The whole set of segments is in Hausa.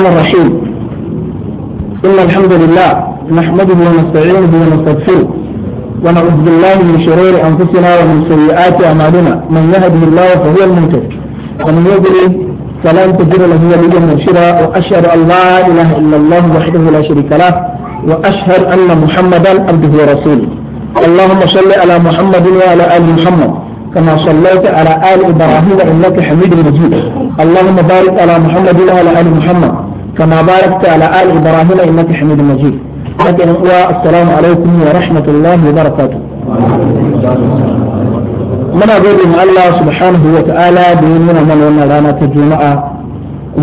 الرحمن الرحيم إن الحمد لله نحمده ونستعينه ونستغفره ونعوذ بالله من شرور أنفسنا ومن سيئات أعمالنا من يهده الله فهو المنكر ومن يضلل فلا تجد له وليا مرشدا وأشهد أن لا إله إلا الله وحده لا شريك له وأشهد أن محمدا عبده ورسوله اللهم صل على محمد وعلى آل محمد كما صليت على آل إبراهيم إنك حميد مجيد اللهم بارك على محمد وعلى آل محمد كما باركت على آل إبراهيم إنك حميد مجيد لكن السلام عليكم ورحمة الله وبركاته من أقول إن الله سبحانه وتعالى بيننا من وانا رانا تجمع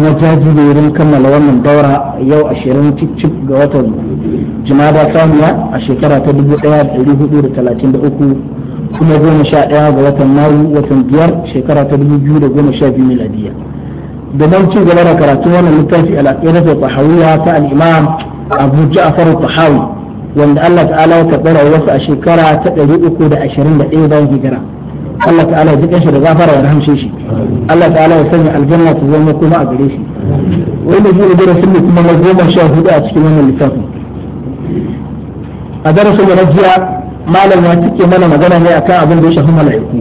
وجاجي بيرن كما لو من دورة يو أشيرين تيب تيب قوات جمادة ثانية الشكرة تدبو حيات إليه دور ثلاثين دقوكو كما قوم شاء إياه قوات النار وتنبير شكرة تدبو جودة قوم شاء في ميلادية da dan ci gaba da karatu wannan littafi al-aqidatu tahawiyya ta al-imam Abu Ja'far Tahawi wanda Allah ta'ala ya karɓi wasu a shekara ta 321 bayan hijira Allah ta'ala ya jikin shi da gafara ya rahamshe shi Allah ta'ala ya sanya aljanna ta zama kuma a gare shi wanda shi ne darasin ne kuma na goma sha hudu a cikin wannan littafi a darasin da na jiya malam ya cike mana magana ne akan abin da ya shafi mala'iku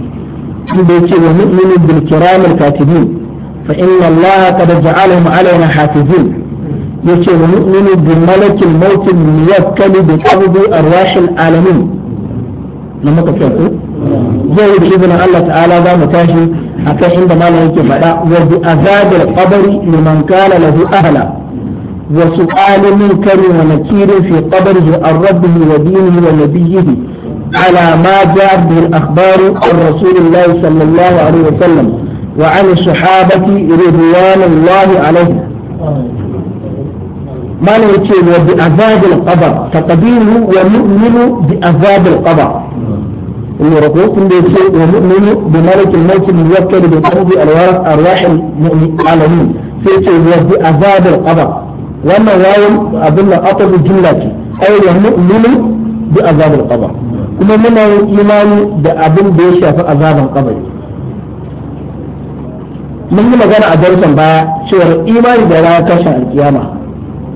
inda ya ce wa mu'minin bil kiramil katibin fa inna Allah qad ja'alahum alaina hafizin yace wa mu'minu bi malakil maut muwakkal bi qabdi arwahil alamin nan muka ce ko zai da izinin Allah ta'ala za mu tashi akan inda malam yake faɗa wa bi azabil qabri ahla وسؤال منكر ونكير في قبره عن ربه ودينه ونبيه على ما جاء به الأخبار عن رسول الله صلى الله عليه وسلم وعن الصحابة رضوان الله عليهم ما نوتي وبعذاب القبر تقديره ومؤمن بعذاب القبر اللي ركوكم بيسي ومؤمن بملك الموت الموكل بالقبض أرواح المؤمنين سيتي وبعذاب القبر وأنا واو أظن أطل الجملة أي ومؤمن بعذاب القبر كما من إيمان بأبن بيشا فأذاب القبر mun yi magana a darsan baya cewa imani da ranar tashin alkiyama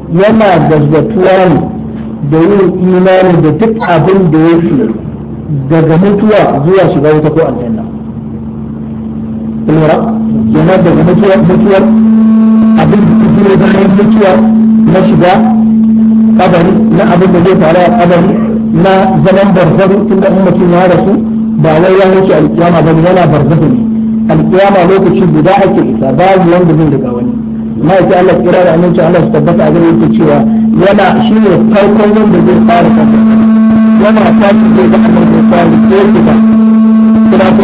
yana gaggatuwa ne da yin imani da duk abin da ya fi daga mutuwa zuwa shiga wuta ko aljanna lura yana daga mutuwar mutuwar abin da ya fi da yin mutuwa na shiga kabari na abin da zai faru a kabari na zaman barzahu tun da mutum ya rasu ba wai ya wuce alkiyama ba yana barzahu ne alƙiyama lokaci guda ake isa babu wanda zai riga wani ma yake Allah kira da aminci Allah su tabbata a gare yake cewa yana shine farkon wanda zai fara kanta yana tashi zai ga Allah zai fara ko kuma kira ko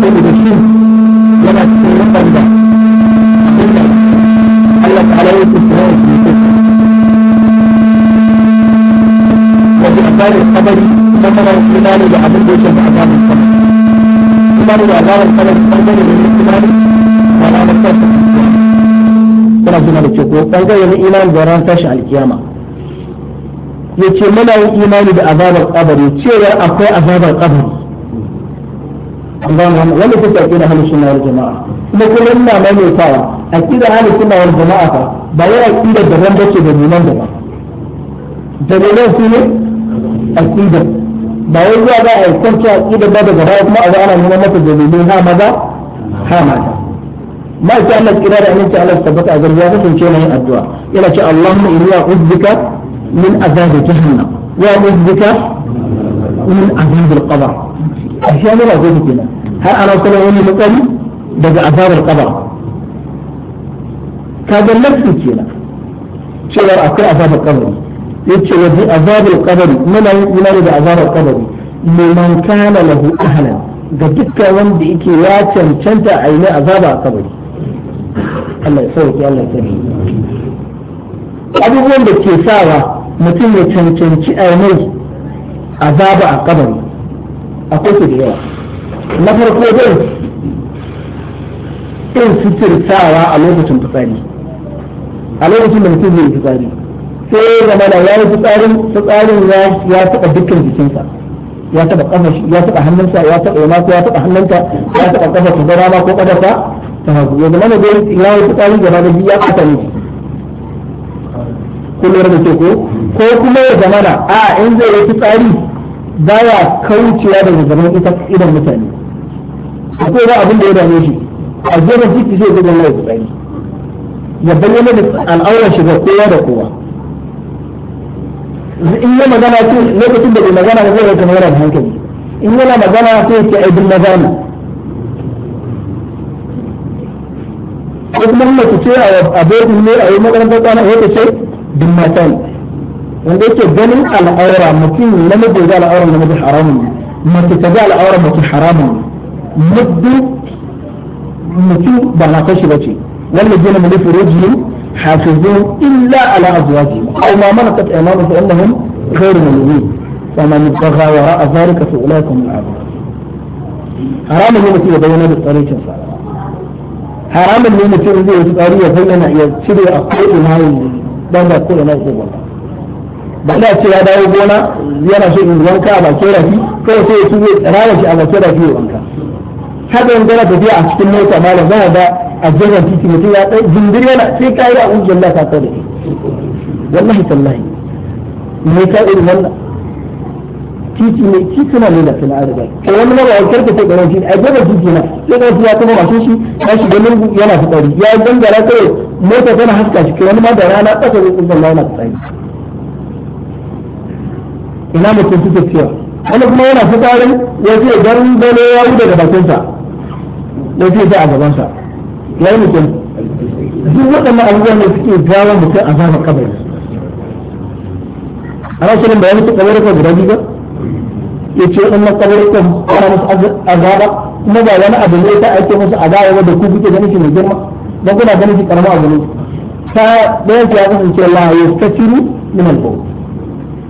da da shi yana cikin wadanda Allah ta'ala yake cewa وفي أخبار الخبر ذكر الإيمان بعبد يشهد عذاب القبر الاستمرار وعبارة الخلق فوضى للاستمرار ولا نكتب kuna suna da ce ko bangare na imani da ran tashi alkiyama yace muna yin imani da azabar kabari cewa akwai azabar kabari Allah wanda take akida halin sunna wal jama'a kuma kullum ina maimaitawa akida halin sunna wal jama'a fa ba yana akida da ran bace da nunan da ba da nunan su ne akida ba wai zuwa za a yi kwanci a ƙi da ba da gaba kuma a zo ana neman mata dalilai ha maza ha mata ma ita Allah kira da aminci Allah ta tabbata a garjiya kasance na yin addu'a yana ce Allahumma inni a'udhu bika min azabi jahannam wa a'udhu bika min azabi al-qabr a shi ne ba gobe kenan har ana kula wani matsali daga azabar qabr ka ga lafi kenan cewa akwai azabar qabr yace wa bi azabul qabri muna yin imani da azabul qabri liman kana lahu ahlan ga dukkan wanda yake ya cancanta a yi azaba a kabari Allah ya sauke Allah ya sani abubuwan da ke sawa mutum ya cancanci a yi azaba a kabari akwai su da yawa na farko dai in sawa a lokacin fitsari a lokacin da mutum zai fitsari sai ya zama ya yi fitsarin fitsarin ya taɓa dukkan jikinsa ya taɓa kafar ya taɓa hannunsa ya taɓa yana ko ya taɓa hannunta ya taɓa kafar ta dama ko kadarsa ta hagu ya zama da ya yi fitsari gaba da biyu ya kasa ne kullum da ke ko ko kuma ya zama da a in zai yi fitsari baya kaucewa daga zaman idan mutane akwai ba abin da ya dame shi a zuwa jiki zai gudanar da fitsari ya bayyana da al'aurar shiga kowa da kowa in ya magana tun lokacin da bai magana ba zai rage yana hankali in yana magana sai ya ce ai bin magana ko kuma in mace ce a bai ne a yi makarantar kwana ya ce bin mata ne wanda yake ganin al'aura mutum namiji ga al'aura namiji haramun ne mace ta ga al'aura mace haramun ne muddin mutum ba na kashi ba ce wannan jina mu nufi rajulun حافظون إلا على أزواجهم أو ما ملكت أيمانهم فإنهم غير مؤمنين فمن ابتغى وراء ذلك فأولئك هم العادون حرام اللي مثل يبين هذا الطريق حرام اللي مثل يبين هذا الطريق فإننا يبتلي أقول ما هو دم أقول ما هو بنا بعد أشياء هذا هو بنا زيانا شيء من ذلك على كيرا فيه كيرا فيه سوى رايش على كيرا فيه haka yanzu na tafiya a cikin mota malam za ga a jirgin titi mutum ya tsaye jindir yana sai ka yi a ujiyar ta ka tsaye wallahi tallahi me ka irin wannan titi ne titi na ne da kana arziki kai wani mara wakar ka sai karon titi a jirgin titi na sai ka ya kuma mashin shi ya shiga lungu yana fitsari ya gangara kai mota tana haska shi kai wani ma da rana tsaka zai tsinsan yana fitsari ina mutum suke cewa wani kuma yana fitarin ya ce garin gano ya wuce da bakinsa ɗauke ta a gabansa ya yi mutum duk waɗannan abubuwan da suke gawa mutum a zama kabari ana shirin bayan mutum kabarin kan guda biyu ya ce in na kabarin kan ana musu azaba kuma ba wani abu ne ta ake musu azaba da ku kuke ganin shi mai girma don kuna ganin shi karama abu ne ta ɗaya ta kasance la yastafiru min al-bawl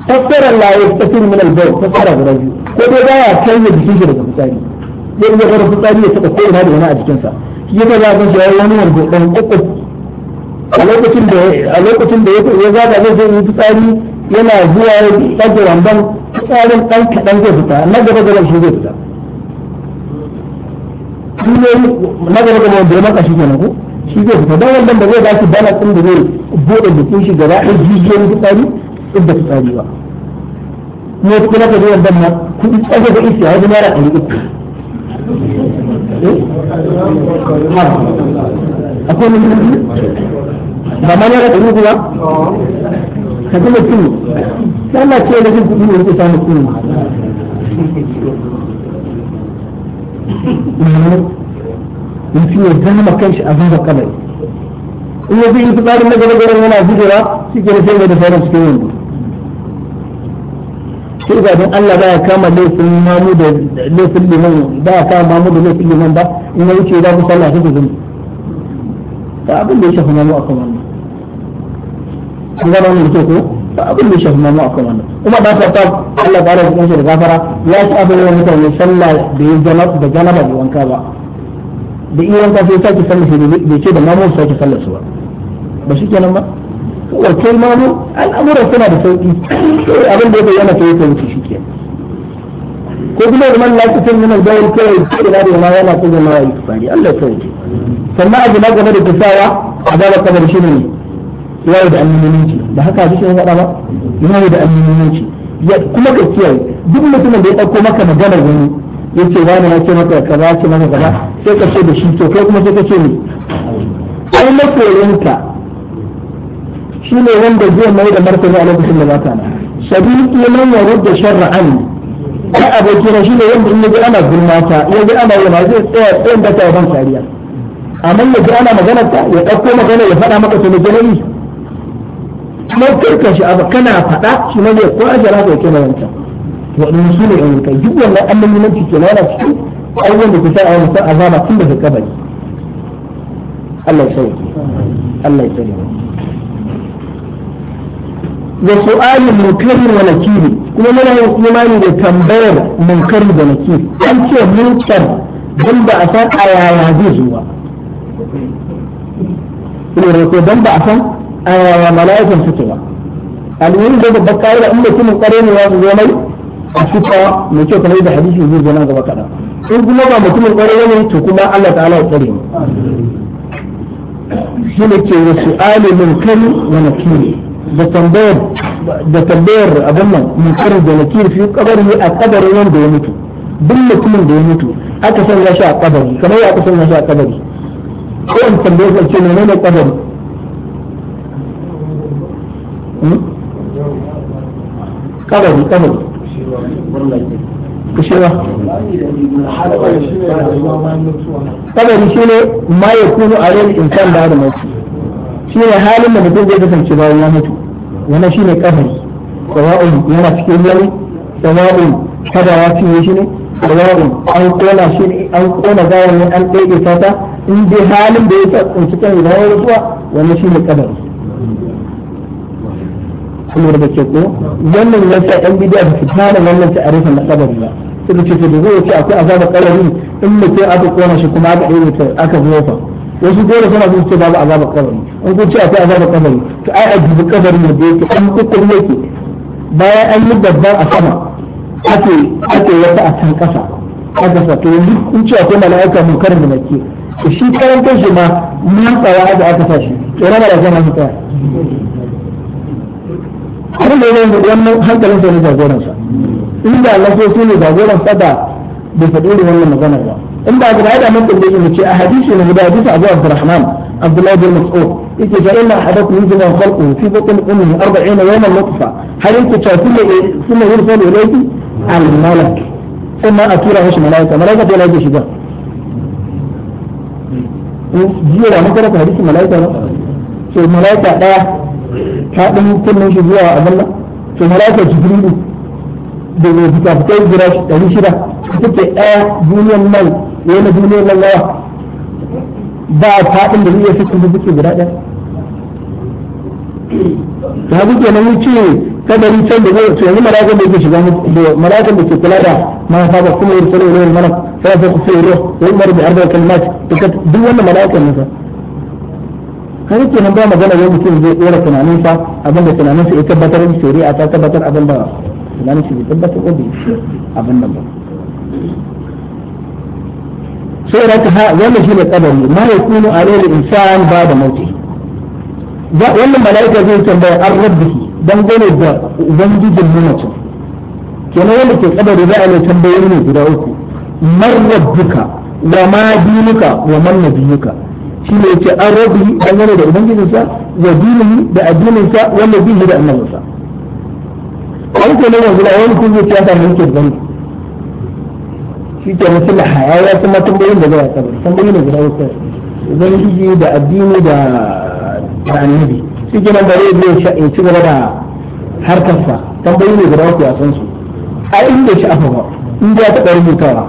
tafsirar la yastafiru min al-bawl tafsira guda biyu ko dai ba ya kai da jikin shi daga fitsari zai iya gwada fitsari ya taɓa ko'ina da wani a jikinsa shi za a gan wani wanda ɗan ƙuƙuf a lokacin da a lokacin da ya zaga zai zai yi fitsari yana zuwa ya ɗaga wandon fitsarin ɗan kaɗan zai fita na gaba gaba shi zai fita na gaba gaba wanda ya maka shi kenan ko shi zai fita don wannan ba zai ba shi balance ɗin da zai buɗe jikin shi gaba ɗaya jijiyoyin fitsari ɗin da fitsari ba. Ne kuma ka zo wannan ma kuɗi tsaye da isi a wajen yara ɗari uku. akwai mutunci ba ma naira ɗari ba ka ji mutum sana ce da jin kuɗi ne samu kuɗi mutum ya zama shi a zuba kamar in ya fi yi fitsarin na gaba-gaba yana zubewa shi ke da ne da sauran cikin yanzu sai ga don Allah baya kama laifin mamu da laifin liman baya kama mamu da laifin liman ba in ya wuce za ku sallah da ku zumi ba abin da ya shafi mamu akan wannan an gaba wannan da ko ba abin da ya shafi mamu akan wannan kuma da ta ta Allah ta rabu shi da gafara ya shi abin da mutane sallah da ya zama da janaba da wanka ba da iya wanka sai ya sake sallah sai bai ke da mamu sai ya sake sallah su ba ba shi kenan ba wakil mamu al'amuran suna da sauki abin da ya bayyana ta yake wuce shi ke ko kuma da man lafiya min al-bawl kai da ina da yana ko yana yi tsari Allah ya sauke sannan abu na game da kusawa a da bar shi ne yayi da annabiyanci da haka shi ne faɗa ba yayi da Ya kuma ka kiyaye duk mutumin da ya dauko maka magana wani yace wani ya ce maka kaza ce maka kaza sai ka ce da shi to kai kuma sai ka ce ni ai masoyinka shi ne wanda zai mai da martani a lokacin da baka na sabiki man ya rudda shar'an ka abokina shi ne wanda in yaji ana gulma ta yaji ana yana zai tsaya tsayin da ta ban kariya amma yaji ana magana ta ya ɗauko magana ya faɗa maka sai da yi kuma karka shi abu kana faɗa shi ne ko ajara ka yake mai wanka waɗannan su ne yan kai duk wannan annabi nan ke yana cikin abubuwan da ke sa a wani azaba tun daga kabari Allah ya sauke Allah ya sauke wa su'alin munkari wa nakiri kuma muna yin imani da tambayar munkari da nakiri an ce munkar dan ba a san a yaya zai zuwa ne ko dan ba a san a yaya mala'ikan suke ba alwuri da babbar kawai in mutumin kare ne ya zo mai a fita mai kyau kamar da hadisi zai zo nan gaba kaɗan in kuma ba mutumin kare ne to kuma Allah ta'ala ya kare mu shi ne ke wasu alimin kan wa nakiri da tambayar da tambayar abin nan munkar da nakir fi kabari a kabarin wanda ya mutu duk mutumin da ya mutu aka sanya shi a kabari kamar ya aka sanya shi a kabari ko in tambayar sa ce ne ne kabari kabari kabari kushewa kabari shi ne ma ya kunu a rai insan da da mutu shi ne halin da mutum zai kasance bayan ya mutu wannan ne kafin sawa'un yana cikin ruwa sawa'un kada ya cinye shi ne sawa'un an kona shi ne an kona gawar ne an ɗaiɗe ta in dai halin da ya sa tsinci kan idan ya rutuwa wannan ne kabari kuma da ke ko wannan ya sa ɗan bidiyar da su tana wannan ta ta'arifin na kabari ba sai da ce da zai ce akwai azabar kabari in mutum aka kona shi kuma aka ɗaiɗe aka zuwa wasu dole suna so ce babu azabar kabari an kun ce akwai azabar kabari to ai ajibi kabari ne da yake an kukur yake bayan an yi babban a sama ake ake wata a can kasa aka sa to yanzu kun ce akwai mala'ika mun karin da nake to shi karantar shi ma mun tsaya aka aka sa shi to rama da zama mu tsaya har da yanzu wannan hankalin sa ne jagoransa inda Allah so su ne jagoransa da bai faɗi wannan maganar ba in ba ga da mun tambaye mu ce a hadisi ne da hadisi Abu Abdurrahman Abdullah bin Mas'ud yake fa inna ahadakum yuzna khalqu fi batn ummi 40 yawman nutfa har yake ta kuma kuma yursalu ilayhi al-malak kuma a tura mishi malaika malaika ta lafiya shiga jiya da muka raka hadisi malaika ne to malaika daya ta dan kullun shi zuwa abin to malaika jibrilu da mai fitafitai guda ɗari shida ita ɗaya duniyan nan ya na duniyan nan yawa ba faɗin da zai fitin da suke guda ɗaya ta zuke nan yi ce kadari can da zai yanzu malakan da yake shiga da malakan da ke kula da mahaifa ba kuma yi sanar da yin malak sai ta kusa yi ruwa wani mara da arba kalmat duk wannan malakan nasa kare ke nan ba magana wani mutum zai ɗora tunaninsa abinda tunaninsa ya tabbatar shari'a ta tabbatar abin da na shi da tabbata ko shi abin nan ba sai da ta wannan shine kadari ma yakunu alayhi insan ba da mauti wannan malaika zai tambaya an rabbihi dan gane da ubangijin mamacin kenan wanda ke kadari za a mai tambayoyi ne guda uku man rabbuka wa ma dinuka wa man nabiyuka shi ne yace an rabbi dan gane da ubangijin sa wa dinihi da addinin sa wa nabiyhi da annabinsa wani ko ne yanzu da wani kun zuciya ta ke ban shi ke mutum da hayaya kuma tambayin da zai sabar tambayin da zai sabar idan shi da addini da annabi shi ke nan bare ne ya ci gaba da harkarsa tambayi ne guda uku a san su a inda shi afa ba inda ya taɓa rubutawa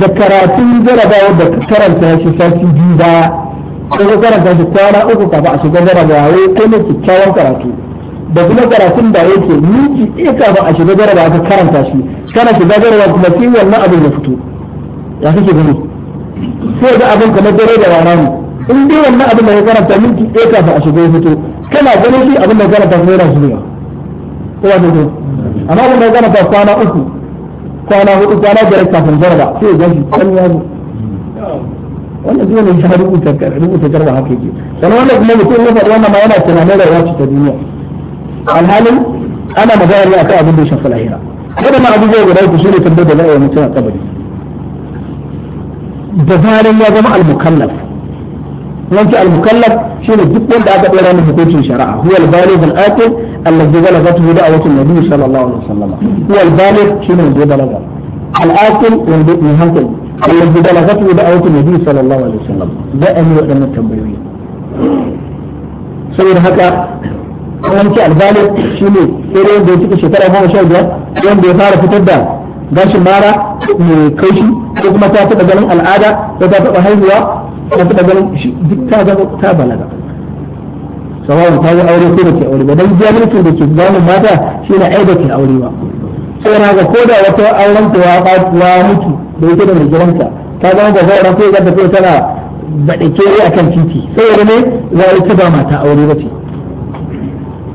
da karatun jarabawa da karanta shi sati biyu baya ko ka karanta shi kwana uku kafa a shiga jarabawa wai kai ne kyakkyawan karatu da kuma karatun da yake minti ɗaya kafin a shiga jaraba aka karanta shi kana shiga jaraba kuma sai wannan abin ya fito ya kake gani sai ga abin kamar dare da rana ne in dai wannan abin da ya karanta minti ɗaya kafin a shiga ya fito kana ganin shi abin da ya karanta kuma yana zuwa ko ba dai amma abin da ya karanta kwana uku kwana hudu kwana biyar kafin jaraba sai ga shi kan ya zo wannan duk wani ya rubuta rubuta jaraba haka yake sannan wannan kuma mutum ya faɗi wannan ma yana tunanin rayuwa ta duniya alhalin ana magana ne akan abin da ya shafi lahira kada ma abu zai guda ku shine tambayar da za a yi mutum a kabari da zaran ya zama al-mukallaf wanke al-mukallaf shine duk wanda aka dora masa hukuncin shari'a huwa al-baligh al-aqil alladhi balaghathu da'watu an-nabi sallallahu alaihi wasallam huwa al-baligh shine wanda balaga al-aqil wanda ya hankali alladhi balaghathu da'watu an-nabi sallallahu alaihi wasallam da an yi wadannan tambayoyi saboda haka kuma ce albalik shi ne sai dai wanda ya cika shekara goma sha biyar wanda ya fara fitar da gashin mara mai kaushi ko kuma ta taɓa ganin al'ada ko ta taɓa haihuwa ko ta taɓa ganin shi duk ta zama ta balaga sababu ta yi aure ko da ke aure ba dan jahilcin da ke ganin mata shi ne ai da ke aure ba sai na ga koda wata auren ta ya mutu da ita da mai gidanta ta zama da zai rafe ga ta tana baɗe ke a kan titi sai ne za ta ba mata aure ba ce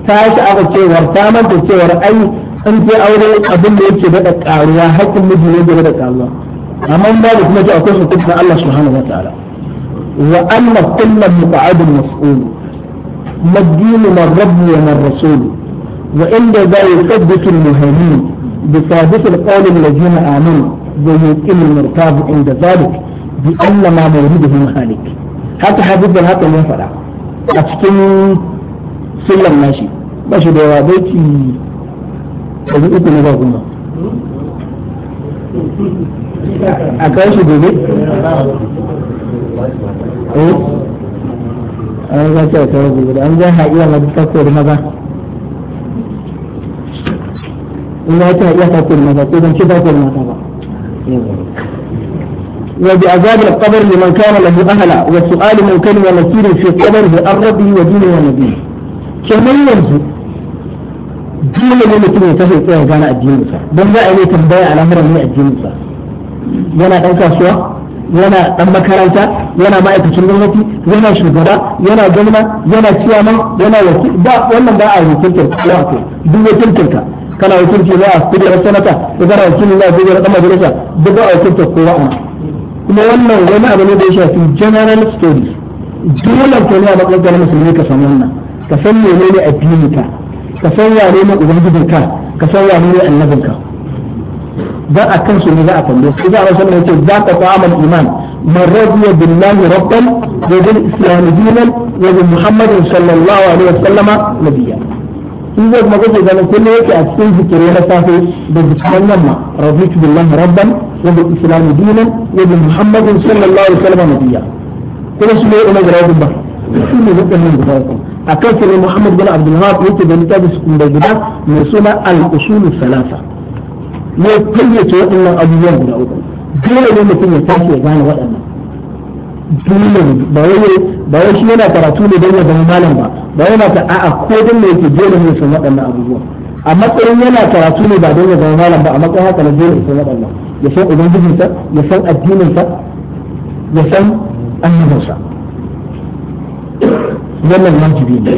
ta sha'awa cewar ta manta cewar ai in ce aure abin da yake daɗa ƙaruwa haƙƙin miji yake daɗa ƙaruwa amma ba da kuma ce akwai su kuma Allah subhanahu wa ta'ala wa anna kullu muta'adin mas'ul madin man rabbi wa man rasul wa inda za yusaddiqu al-muhaimin bi sabit al-qawl alladhina amanu wa yuqimu al-murtabu inda zalik bi anna ma mawriduhu halik haka hadith da haka mun faɗa a cikin sallan nashi باشي دوا بيتي تبي اوكو نبا كنا اكاشي دوبي او انا جا جا جا جا جا انا جا ها ايا ما بيتا كور مبا انا جا ها ايا كور مبا كور مبا كور مبا كور مبا وبعذاب القبر لمن كان له أهلا وسؤال من كان يمسير في قبره الرب ودينه ونبيه كمن ينزل dole ne mutum ya tashi tsaya gane addinin sa don za a yi tambaya lamuran ne addinin sa yana dan kasuwa yana dan makaranta yana ma'aikacin gwamnati yana shugaba yana gwamna yana ciyaman yana wakil ba wannan ba a wakiltar kowa ko duk ka kana wakilci ne a kujerar sanata ko kana wakili ne a a dan majalisa duk ba a wakiltar kowa ma. kuma wannan wani abu ne da ya shafi general stories dole ka ne a matsayin musulmi ka san wannan ka san menene addini ka ka san wane ne ubangijin ka ka san wane ne annabin ka ba a kan su ne za a tambaye su za a wasan ne ce za ka ta'amal iman man radiya billahi rabban wa bil islam dinan wa bi muhammadin sallallahu alaihi wasallama nabiyya in zai kuma kace ganin kullum yake a cikin zikiri na safe da zikirin yamma raditu billahi rabban wa bil islam dinan wa bi muhammadin sallallahu alaihi wasallama nabiyya kuma su ne umar da rabban ba su ne zikrin da akan su ne Muhammad bin Abdul Wahab yake da littafin su kuma guda mai suna al-usul salasa ne fayyace waɗannan abubuwan guda uku dole ne mutum ya tashi ya gane waɗannan dole ba wai ba wai shi yana karatu ne don ya zama malam ba ba ba ta a'a ko dan ne yake dole ne san waɗannan abubuwan a matsayin yana karatu ne ba don ya zama malam ba a matsayin haka ne dole san waɗannan ya san ubangijinsa ya san addininsa ya san annabinsa wannan wajibi ne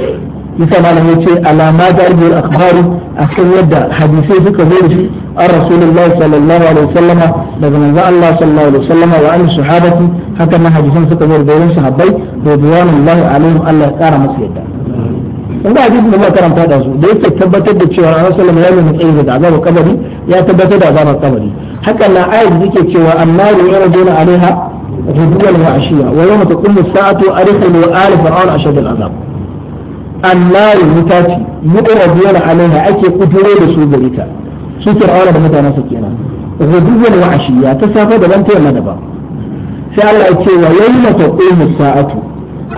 yasa malam ya ce alama da ajiyar a akan yadda hadisai suka zo da shi an rasulullahi sallallahu alaihi wasallama daga manzon Allah sallallahu alaihi wasallama wa an sahabati haka nan hadisan suka zo da yawan sahabbai da biwanullahi alaihim Allah ya kara musu yadda in ga hadisin da muka karanta da su da yake tabbatar da cewa Annabi sallallahu alaihi wasallam ya nuna tsayi da azabar kabari ya tabbatar da azabar kabari haka na ayat da take cewa annaru yana dona alaiha غدوا وعشيا ويوم تقوم الساعة أدخلوا آل فرعون أشد العذاب النار متاتي يعرضون عليها أكي قدروا لسوء ذلك su fir'auna da mutanen su kenan guduwan wa ashiya ta safa daban ta yamma daban sai Allah ya wa yawma taqumu sa'atu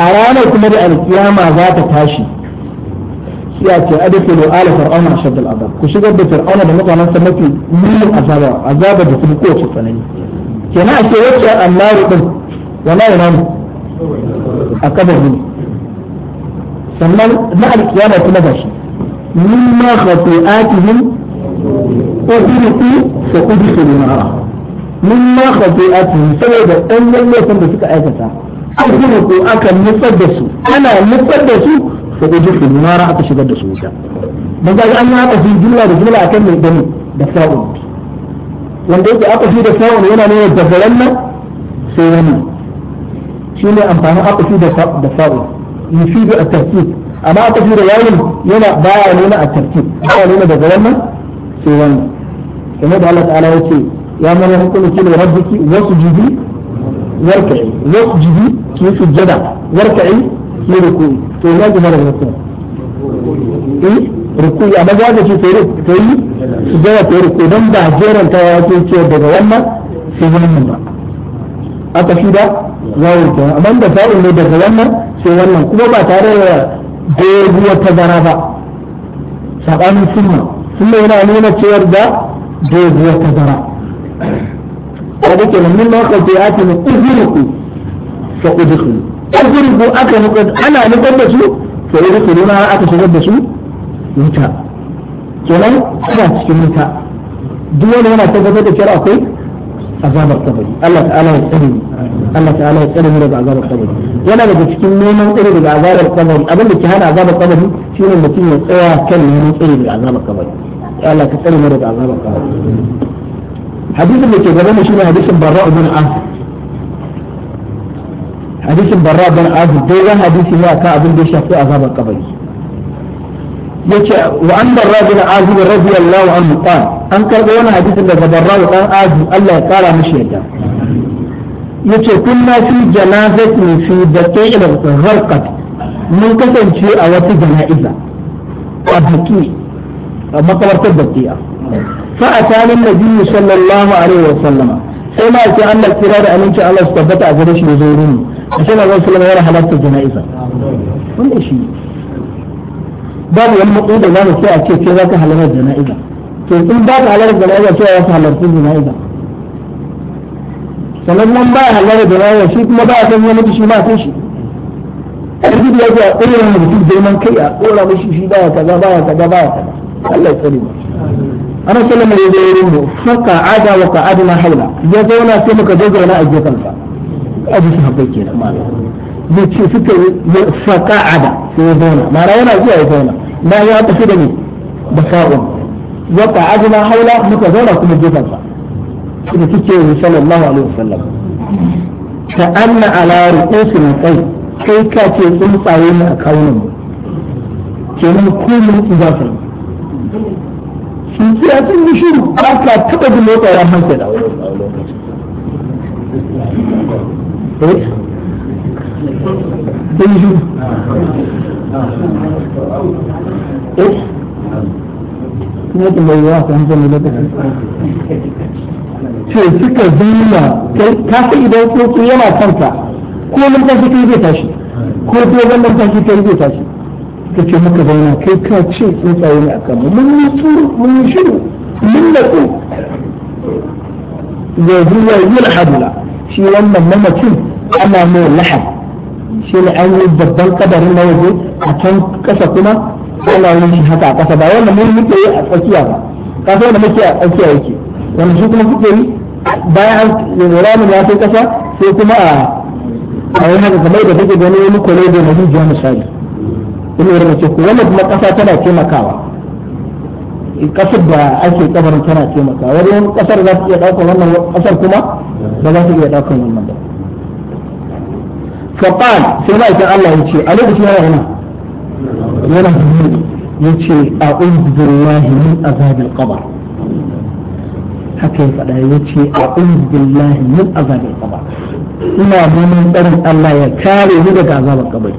a ranar kuma da alkiyama za ta tashi sai a ce adkhulu ala shigar da fir'auna da mutanen mafi milin azaba azaba da kowace tsanani kenan ake wacce annaru din wala yana mu a kabari ne sannan na alkiyama kuma ko mimma khati'atihim uhriqu fa udkhilu nara mimma khati'atihim saboda dan laifin da suka aikata an kuma ko aka nufar da su ana nufar da su fa udkhilu nara aka shigar da su wuta dan ga an yi haka jumla da jumla akan mai gani da fa'u wanda yake akafi da sawun yana nuna daga wannan sai wani shi ne amfanin akafi da sawun yufidu a tarkib amma akafi da yawun yana baya nuna a tarkib baya nuna daga wannan sai wani kuma da Allah ta'ala yake ya mana hukumu da rabbiki wasu jibi warka'i wasu jibi ki jada warka'i ki ruku to ina ga mara hukumu rukui amma za ka ce ta yi su gaba ta yi don ba jeran ta ya ce ce daga wannan sai wannan ba aka shi da zawon kenan amma da zawon ne daga wannan sai wannan kuma ba tare da doguwar tazara ba saɓanin sunna sunna yana nuna cewar da doguwar tazara kaga kenan min ma ka ce ake ne uzurku fa udkhulu uzurku aka nuka ana nukar da su fa udkhulu na aka shigar da su wuta kenan suna cikin wuta duk wani yana tabbatar da cewa akwai azabar kabari Allah ta'ala ya tsare Allah ta'ala ya tsare mu daga azabar kabari yana daga cikin neman tsare daga azabar kabari abin da ke hana azabar kabari shine mutum ya tsaya kan neman tsare daga azabar kabari Allah ta tsare mu daga azabar kabari hadisin da ke gaba mu shine hadisin barra ibn asir hadisin barra ibn asir dai ran hadisi ne akan abin da ya shafi azabar kabari yace wa anna rajul azib radiyallahu anhu qala an karbo wani hadisin daga barra'u dan azib Allah ya kara mishi yadda yace kunna fi janazatin fi daqiqil gharqat mun kasance a wata jana'iza a baki a makabartar daqiqa fa atana annabi sallallahu alaihi wa sallama sai ma yake Allah kira da aminci Allah su tabbata a gare shi ne zo wurin mu a sallallahu alaihi wa sallam yana halarta jana'iza wannan shi babu wani matsayi da zamu sai a ce sai za ka halarta jana'iza to in ba ka halarta jana'iza sai za ka halarta jana'iza sannan nan ba ya halarta jana'iza shi kuma ba ya san ya mutu shi ma san shi arziki da yake a ƙorar mutum girman kai a ƙorar mashi shi ba ya kaza ba ya kaza ba ya kaza Allah ya tsare mu ana sallama da ya yi mu faka ada wa ka'ada na haula ya zauna sai muka dogara a gefen sa aji su habbai kenan malam ne ce suka yi faka ada sai ya zauna mara yana zuwa ya zauna ma ya tafi da ni da sa'un wa ta'ajna haula muka zauna kuma gefen sa kuma kike yi sallallahu alaihi wasallam ta anna ala ru'usil kai kai ka ce tsuntsaye ne a kawunan kenan kullum tsubasa sun tsaya sun yi shiru aka taba jin motsawa hankali da sun yi shiru ce suka zina ka fi idan yana kanka ko mun tashi zai tashi ko wannan ta zai tashi ce zauna kai ka ce tsuntsaye ne mu yi mun yi shiru mun da ya zuwa shi wannan mamacin ana mai lahab shi ne an yi babban kadarin na waje a can kasa kuma ana wani haka a kasa ba wanda mun muke yi a tsakiya ba kasa wanda muke a tsakiya yake wanda shi kuma suke yi bayan an ramin ya kai kasa sai kuma a a wani haka kamar da take gani wani kwale da na hijiya misali ina yi mace ku wannan kuma ƙasa tana taimakawa ƙasar da ake kabarin tana taimakawa wani ƙasar za ta iya ɗaukar wannan ƙasar kuma ba za ta iya ɗaukar wannan ba فقال سيدنا الله يجي عليه بسم الله yana hannu ya ce a billahi min azabil qabr haka ya faɗa ya ce a billahi min azabil qabr ina neman tsarin Allah ya kare ni daga azabar kabari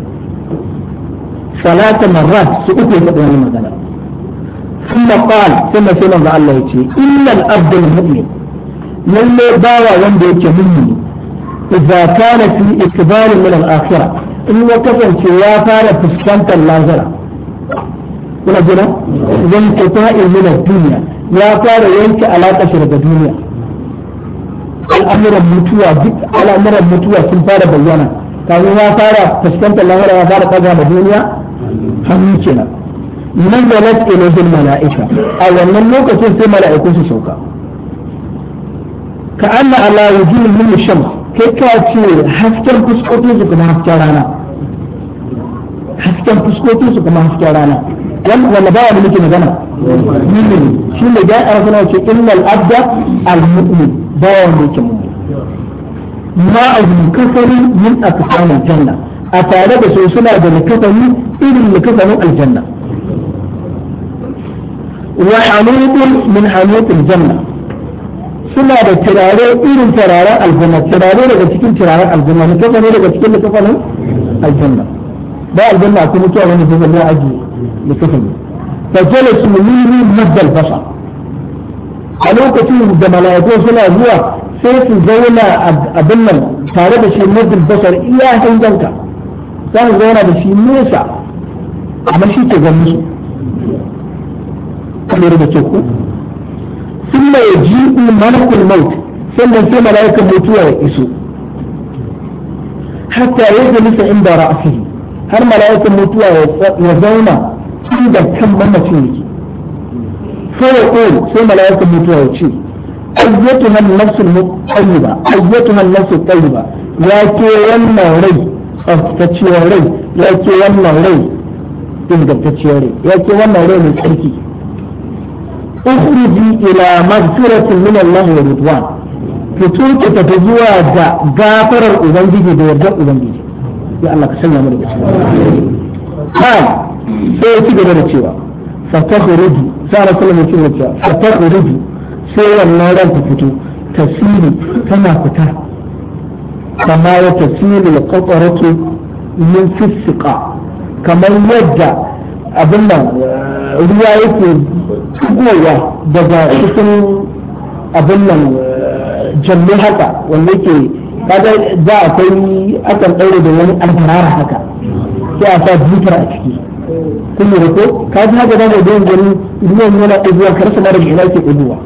salata marrat su uku ya faɗi wani magana ثم قال ثم سيما الله يتي إلا الأرض المؤمن لما باوى وندي كمني إذا كان في إقبال من الآخرة in ya kasance ya fara fuskantar lazara kuna gina zan ke ta'in minar duniya ya fara yanke alaƙa shi daga duniya al'amuran mutuwa duk al'amuran mutuwa sun fara bayyana kafin ya fara fuskantar lazara ya fara kaga da duniya hannu kenan nan da lat ilaihin mala'ika a wannan lokacin sai mala'iku su sauka ka anna ala wujuhihim shams kai ka ce hasken fuskokin su kuma hasken rana hasken fuskokin su kuma hasken rana yan wanda ba wani muke magana mu'min shi ne ga a rasulullah ce innal abda al-mu'min ba wani muke ma azmi kasari min akhamil janna a tare da su suna da likafani irin likafanin aljanna wa hanutun min hanutul janna suna da turare irin turaren aljanna turare daga cikin turaren aljanna ne kafa ne daga cikin likafanin aljanna ba aljanna a kuma kyawun da zai ne. aji likafani fa jalasu lili maddal basa a lokacin da mala'iku suna zuwa sai su zauna abin nan tare da shi maddal basar iya hanganta. za su zauna da shi nesa amma shi ke ganin su kamar da ke ku thumma yaji'u malakul maut sannan sai mala'ikan mutuwa ya iso hatta yajlisa inda ra'sihi har mala'ikan mutuwa ya zauna inda kan mamacin yake فيقول ثم لا يكن متوجه أيتها النفس الطيبة أيتها النفس الطيبة يا كيوان ري أفتتشي ري يا كيوان ري إنك تتشي ري يا كيوان ري من تركي ukhruji ila maghfiratin min Allah wa ridwan fito ki zuwa da gafarar ubangiji da yardar ubangiji ya Allah sanya mu daga cikin sai ci gaba da cewa fatakhruju sai Allah sallallahu alaihi wasallam ya sai wannan ran ta fito tasiri tana fita kama ya tasiri al kamar yadda abin nan ruwa yake tugowa daga cikin abin nan eh, jamme haka wanda ke kada za a kai akan ɗaure da wani alfarara haka sai a sa butar a ciki kun yi ko ka ji haka da mai don gani ruwan yana ɗaguwa kar su mara ina ke ɗaguwa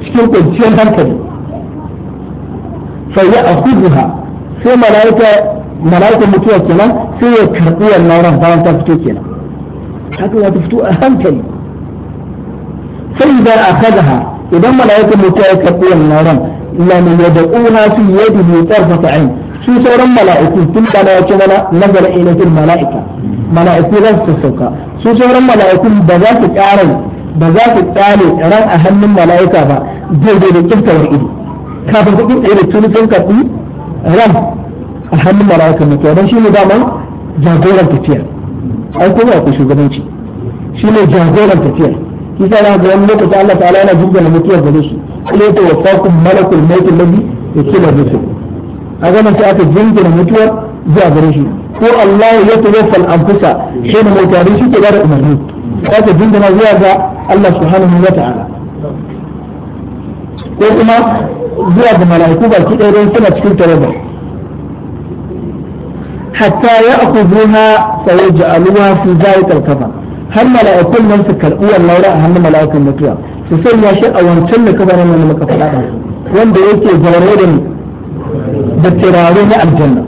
cikin kwanciyar hankali sai ya akuzuha sai malaika malaika mutuwa kenan sai ya karɓi wannan ran bayan ta fito kenan haka ya fito a hankali sai da akhadha idan malaikun mutuwa ya karbi wannan ran lam yad'una fi yadihi tarfat ayn su sauran mala'iku tun da ya ce mana nazara ilatul mala'ika mala'iku za su sauka sauran mala'ikun ba za su ƙara ran a hannun mala'ika ba daidai da kiftawar ido kafin kuɗin ɗaya da tuni sun karɓi ran a hannun mala'ika mutuwa jagoran tafiya shi sa na ga wani lokaci Allah ta'ala yana jingina mutuwar gare shi kuma yake wafakum malakul maut alladhi yakila bikum a ga nan sai aka jingina mutuwar zuwa gare shi ko Allah ya tawaffa al-anfusa shi ne mutare shi ke bada umarni sai aka jingina zuwa ga Allah subhanahu wa ta'ala ko kuma zuwa ga mala'iku baki ɗaya don suna cikin taraba hatta ya akuzuha sai ya ja'aluha fi zalikal kafa har mala'ikun nan su karɓi wannan ra'a hannun mala'ikun mutuwa su sanya shi a wancan da kabarin nan muka faɗa wanda yake zaure da da turare na aljanna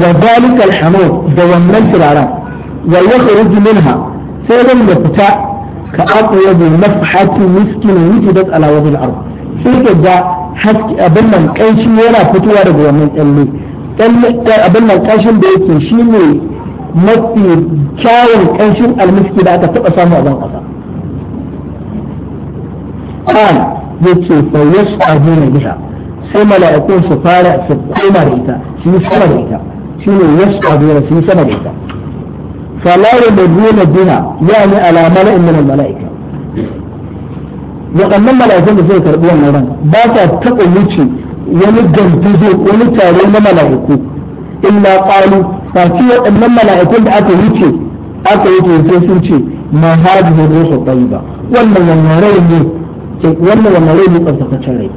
wa hamud da wannan turaren wa yakhruju minha sai dan ya fita ka aqwa bi nafhati miskin wujidat ala wajhil ard sai ka ga haske abin nan kanshi yana fitowa daga wannan tsalle abin nan kashin da yake shine mafi kyawun ƙanshin almiski da aka taɓa samu a ban ƙasa qal yace fa yas'aluna biha sai mala'ikun su fara su koma da ita su yi sama da ita shine yas'aluna su yi sama da ita da yadruna biha yani ala mala'in min al-mala'ika waɗannan mala'ikun da zai karɓi wannan ran ba ta taɓa wuce wani gantuzo wani taro na mala'iku illa qalu fasu waɗannan mala'ikun da aka wuce aka yi sai sun ce ma hajjin ruhu tayyiba wannan wannan rai ne wannan wannan rai ne tsarkakaccen rai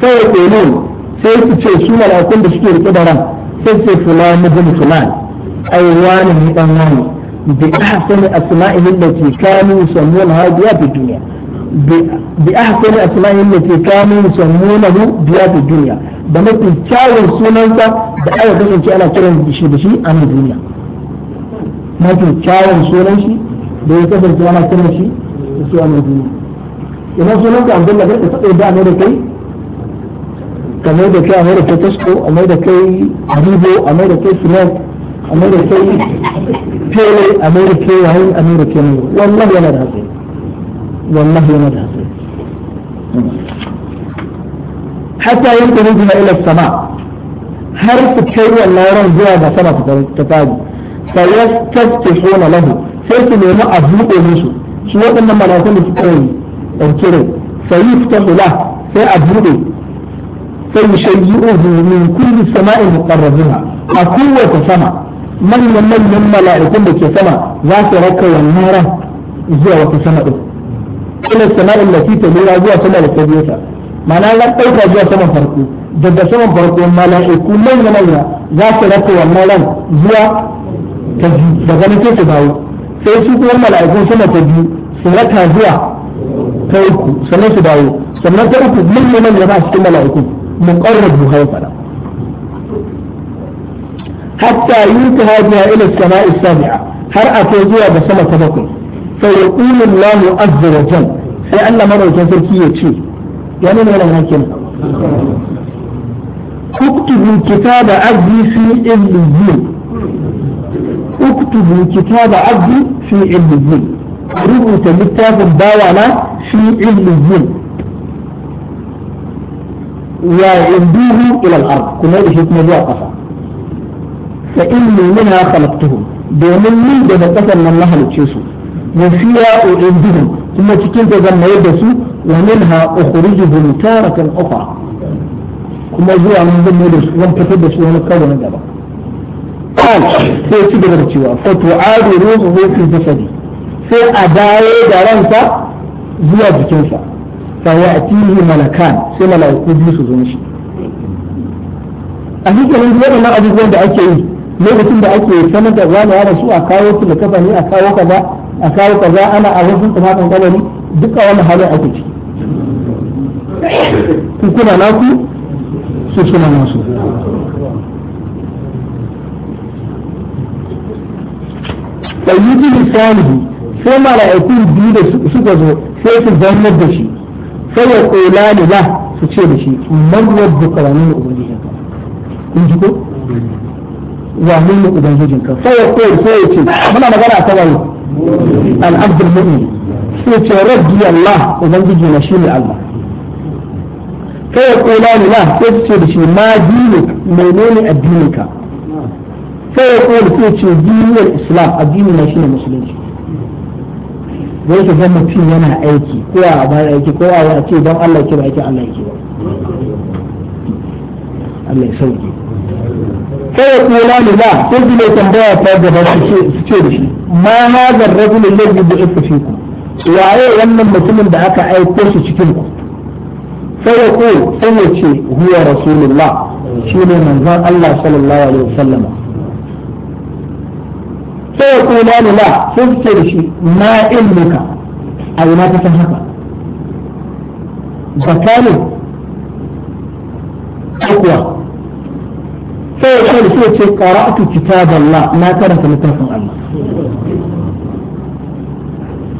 sai ya ne sai su ce su mala'ikun da suke riƙe da ran sai ce fulani bin fulani ai wani ne dan wani bi ahsani da lati kanu yusammuna hadiya fi dunya bi ahsani asma'ihim lati kanu yusammunahu biya fi duniya. da mafi kyawun sunansa da aka kasance ana kiran shi da shi a nan duniya mafi kyawun sunan shi da ya kasance ana kiran shi da shi a nan duniya idan abdullahi taɓa da ne da kai ka mai da kai a mai da kai a mai da kai abubo a mai da kai sinan a mai da kai a mai da kai a mai da kai yana da yana da حتى يمكن بها الى السماء هل تكيو الله يرون زوا بسنة تتاجي فيستفتحون له فيكي لما أفلقوا نسو شو وقت لما نعطل في الكرم فيفتح له في أفلقه فيشيئه من كل سماء مقربها أقوة سماء من لما لما لا يتم في سماء ذات ركا والنارة زوا في سماء إلى السماء التي تلوها زوا سماء التبيوتها mana ran ɗauka zuwa saman farko daga saman farko mala'iku manya manya za su raka wa malan zuwa ta biyu daga nan sai su dawo sai su kuma mala'iku sama ta biyu su raka zuwa ta uku sannan su dawo sannan ta uku manya manya ba cikin mala'iku mun da. buhari fara hatta yi ta ila a ilis sama sabia har a kai zuwa ga sama ta bakwai fa yaqulu Allahu azza wa jan. sai Allah madaukakin sarki ya ce ya nuna yana kenan uktubu kitaba abdi fi illiyin uktubu kitaba abdi fi illiyin rubuta littafin bawana fi zin. ya induhu ila ard kuma da shi kuma zuwa kasa fa inni minha khalaqtuhum domin ni da kasan nan na halicce su wa fiya u'induhum kuma cikin ta zan mayar da su wa minha ukhrijuhum taratan ukhra kuma zuwa nan zan mayar da su zan fitar da su wani karo na gaba qal sai ci gaba da cewa fa tu'adu ruhuhu fi jasadi sai a dawo da ransa zuwa jikinsa fa ya'tihi malakan sai mala'iku biyu su zo mishi a cikin wannan abubuwan da ake yi lokacin da ake sanar da wani ya rasu a kawo su da kafa ne a kawo ba. a kawo kaza ana a wasu tumatun kabari duka wani halin ake ciki kuna naku su suna nasu fayyuji lisanihi sai mala'ikun biyu da suka zo sai su zannar da shi sai ya kola da la su ce da shi man rabbu karamin da ubangijin ka kun ji ko wa mun ubangijin ka sai ya kola sai ya ce muna magana a kawai al'abdul mu'min sai ce rabbi Allah ubangiji na shi ne Allah kai ya kula ni la sai ce da shi ma dinik menene addininka sai ya kula sai ce dinin islam addini na shi ne musulunci da yake ga mutum yana aiki ko a bayan aiki ko a ce don Allah ke ba ake Allah ke ba Allah ya sauke sai ya kula ni la sai su ta gaba su da shi ma hadha ar-rajul alladhi bu'itha fikum waye wannan mutumin da aka aiko shi cikin ku sai ya ko sai ya ce huwa rasulullah shine manzon Allah sallallahu alaihi wasallam sai ya ce a ta san haka kuwa sai ya kai sai ce da Allah na karanta littafin Allah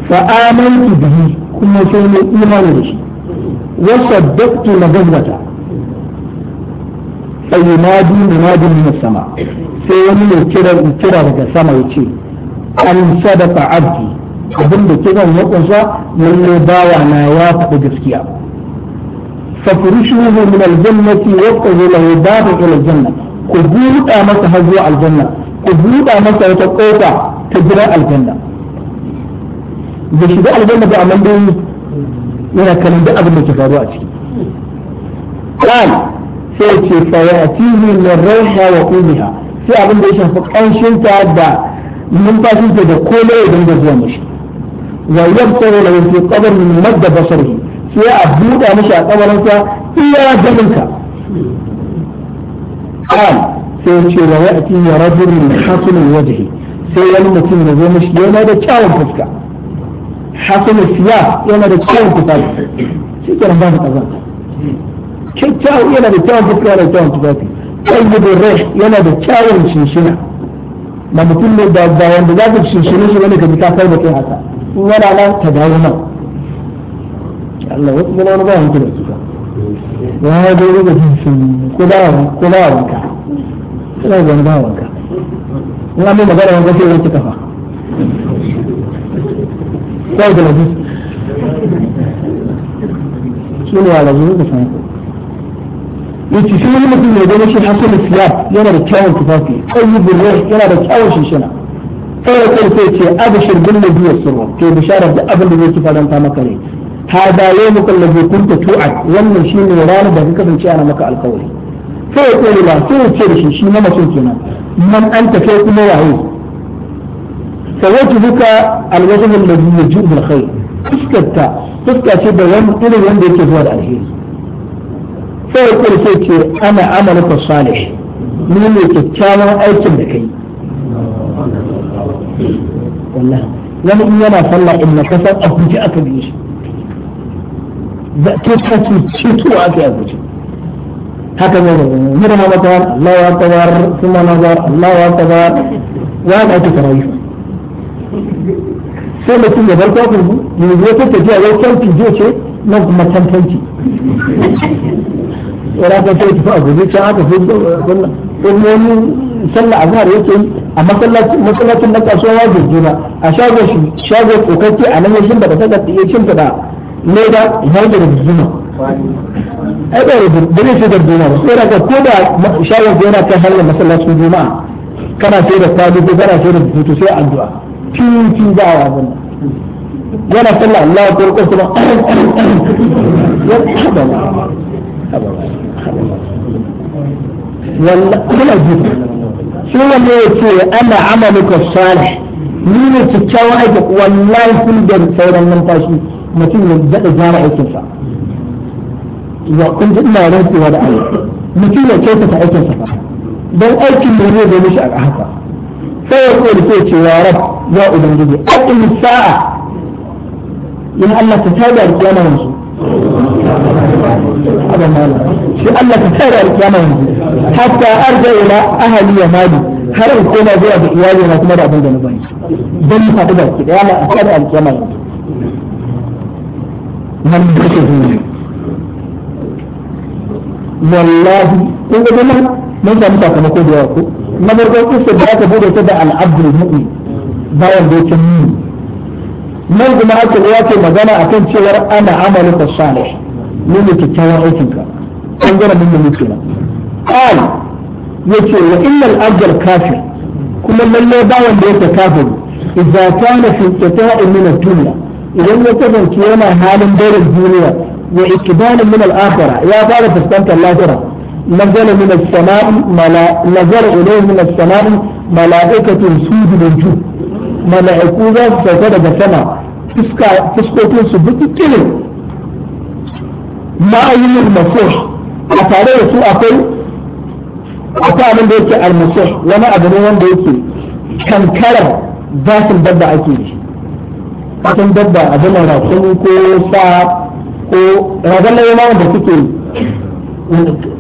fa amantu bihi kuma sai ne imani da shi wa saddaqtu nabawata sai yunadi munadi min sama sai wani ne kira kira daga sama yace an sadaqa abdi abinda kiran ya kunsa lalle bawa na ya faɗi gaskiya ففرشه من الجنة وقضوا له باب إلى الجنة ku buɗa masa har zuwa aljanna ku buɗa masa wata ƙofa ta gidan aljanna da shiga aljanna ba amma dai yana kanin da abin da ke faruwa a ciki qal sai ce fa ya'tihi min rawha wa umiha sai abin da ya shafi kanshin ta da numfashin ta da komai idan da zuwa mashi wa yabtaru lahu fi qabr min madda basarihi sai a buɗa mashi a kabarinsa iya ganinka قال سيشير ويأتي رجل حسن الوجه سيال متين يزومش يوم هذا تشاور فسكا حسن السياق يوم هذا تشاور فسكا سيكون باب قزانتا kyakkyawan yana da kyawun fuska yana da kyawun tufafi yana da kyawun shinshina ba mutum ne ba wanda za ka shinshine shi wani ka ji kafar da kai haka in yana nan ta dawo nan ya yi daidai da jin shi ko ba wanka ina zan ba wanka in an magana wanke kafa da lafi shi ne wa lafi da yace shi wani mutum ne gani shi hasan siyab yana da kyawun tufafi yana da kyawun shishina kai sai ce abshir ke bisharar da abin da zai faranta maka ne هذا يومك الذي كنت توعد وانا شيء من رانا بس كذا شيء انا مكا القول في يقول الله في يقول شيء شيء ما شيء من انت في يقول الله فوجهك الوجه الذي يجوء بالخير تسكت تسكت شيء بوان الى وان دي تزور عليه في شيء انا عملك الصالح من اللي تتكامل اي تبكي والله لم يرى صلى ان كفر افجأك بيشه da ke kake cikowa ake a guje haka ne da murna mata Allahu akbar kuma nazar Allahu akbar ya da ake rayu. sai mutum ya bar kofin ne zai ta tafiya ya kyanti zai ce nan kuma tantanci ya ta sai tafi a guje can haka sai wannan wani sallah azhar yake yi a masallacin na kasuwa wajen juna a shagon shi shagon kokakke a nan ya shimba da saka ya shimfa da leda ya da rubutuna ai da rubutu da ce da duma ba sai daga ko da shagon ko yana kan hanyar masallacin juma'a kana sai da kwali ko kana sai da rubutu sai addu'a tun tun ba wa ban yana sallah Allah ya kurkur kuma ya haba ma haba ma wallahi kana ji shi wanda yace ana amaluka salih ni ne kikkiawan aiki wallahi kun da sauran numfashi mutum ya daɗa gyara aikinsa wa kun ji ina rantsuwa da Allah mutum ya kyautata aikinsa fa don aikin da zai gani shi a haka sai ya koyi sai ce ya rab ya ubangiji aqim sa'a in Allah ta tada alkiyama yanzu shi Allah ta tada alkiyama yanzu hatta arda ila ahli ya mali har in koma zuwa da iyali na kuma da abin da na bani don mu faɗi da ki da Allah a tada alkiyama yanzu من يشهدون والله kun ga nan mun samu sakamako da yawa ko na farko kusa da aka bude ta da al'abdul mu'min bayan mu nan kuma aka ce magana akan cewar ana amalu ka salih kyakkyawan aikin ka mun mun yace wa innal abdul kafir kuma lalle bayan da yake kafir idza kana fi qita'in min ad-dunya idan ya kasance yana halin barin duniya wa ikibalin min al-akhirah ya fara fuskantar lahira nazala min as-sama'i mala nazala ilayhi min as-sama'i mala'ikatun sujudun ju mala'iku za su sauka daga sama fuska fuskokin su duk ma'ayyul masuh a tare da su akwai akwai abin da yake al-masuh wani abu ne wanda yake kankarar zafin dabba ake yi kasan dabba a zama rakun ko sa ko ragon na yana da suke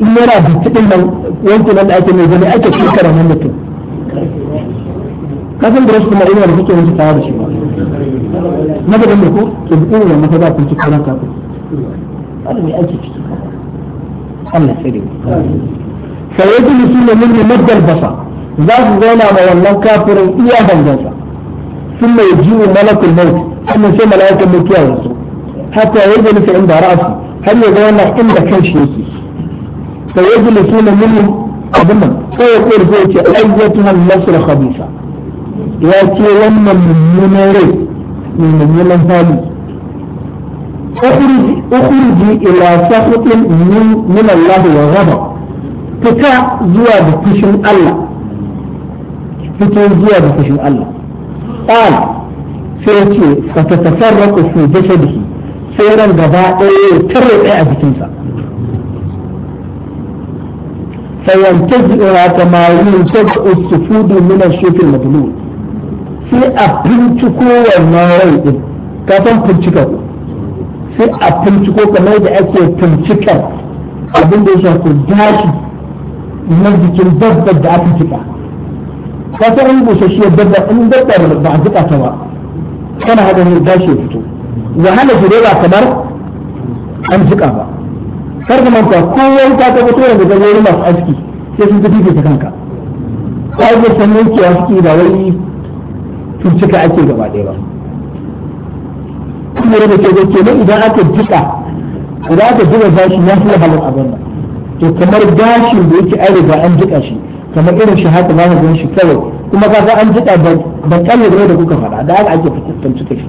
yana da cikin nan wancan nan da ake mai zama ake shekara nan mutum kasan da rasu kuma ina da suke wancan tare da shi ba na da ne ko ke bi irin wannan za ku ci karan kafin Allah mai aiki ciki Allah sai da sai yake musulmi ne maddal basa za su zauna ma wannan kafirin iya dangansa sun ثم jini ملك الموت sannan sai mala'ikan mutuwa ya zo hatta ya zai nufi inda ra'asu har ya ga wannan inda kan shi yake sai ya zai nufi na mulmin abin nan sai ya kowar zai ce ayyatu hal nasr khabisa ya ce wannan mummunan rai mai mummunan hali ukhruji ila sakhatin min Allah wa ghadab fita zuwa da fushin Allah fito zuwa da fushin Allah qala sai ce fata tafarraku fi shi sai ran gaba ɗaya tare ɗaya a jikinsa sayan ta mayun tabu usufudu min na bulu sai a binciko wannan rai din ka san bincika sai a binciko kamar da ake bincikar abin da ya shafi gashi na jikin dabbar da aka jika ka san in busasshiyar dabbar in dabbar ba a jika ta ba kana haka ne tashi fito wahala shi dai ba kamar an jika ba kar ka manta ko wanka ka fito daga gajerin masu aski sai sun tafi ta kanka ai ba san yankewa suke ba wai cika ake gaba ɗaya ba kuma da ke da kenan idan aka jika idan aka jika gashi ya fi wahalar abin nan to kamar gashin da yake an da an jika shi kamar irin shi haka za ka gan shi kawai kuma ka ga an jida da kalli ne da kuka faɗa da haka ake fuskanci take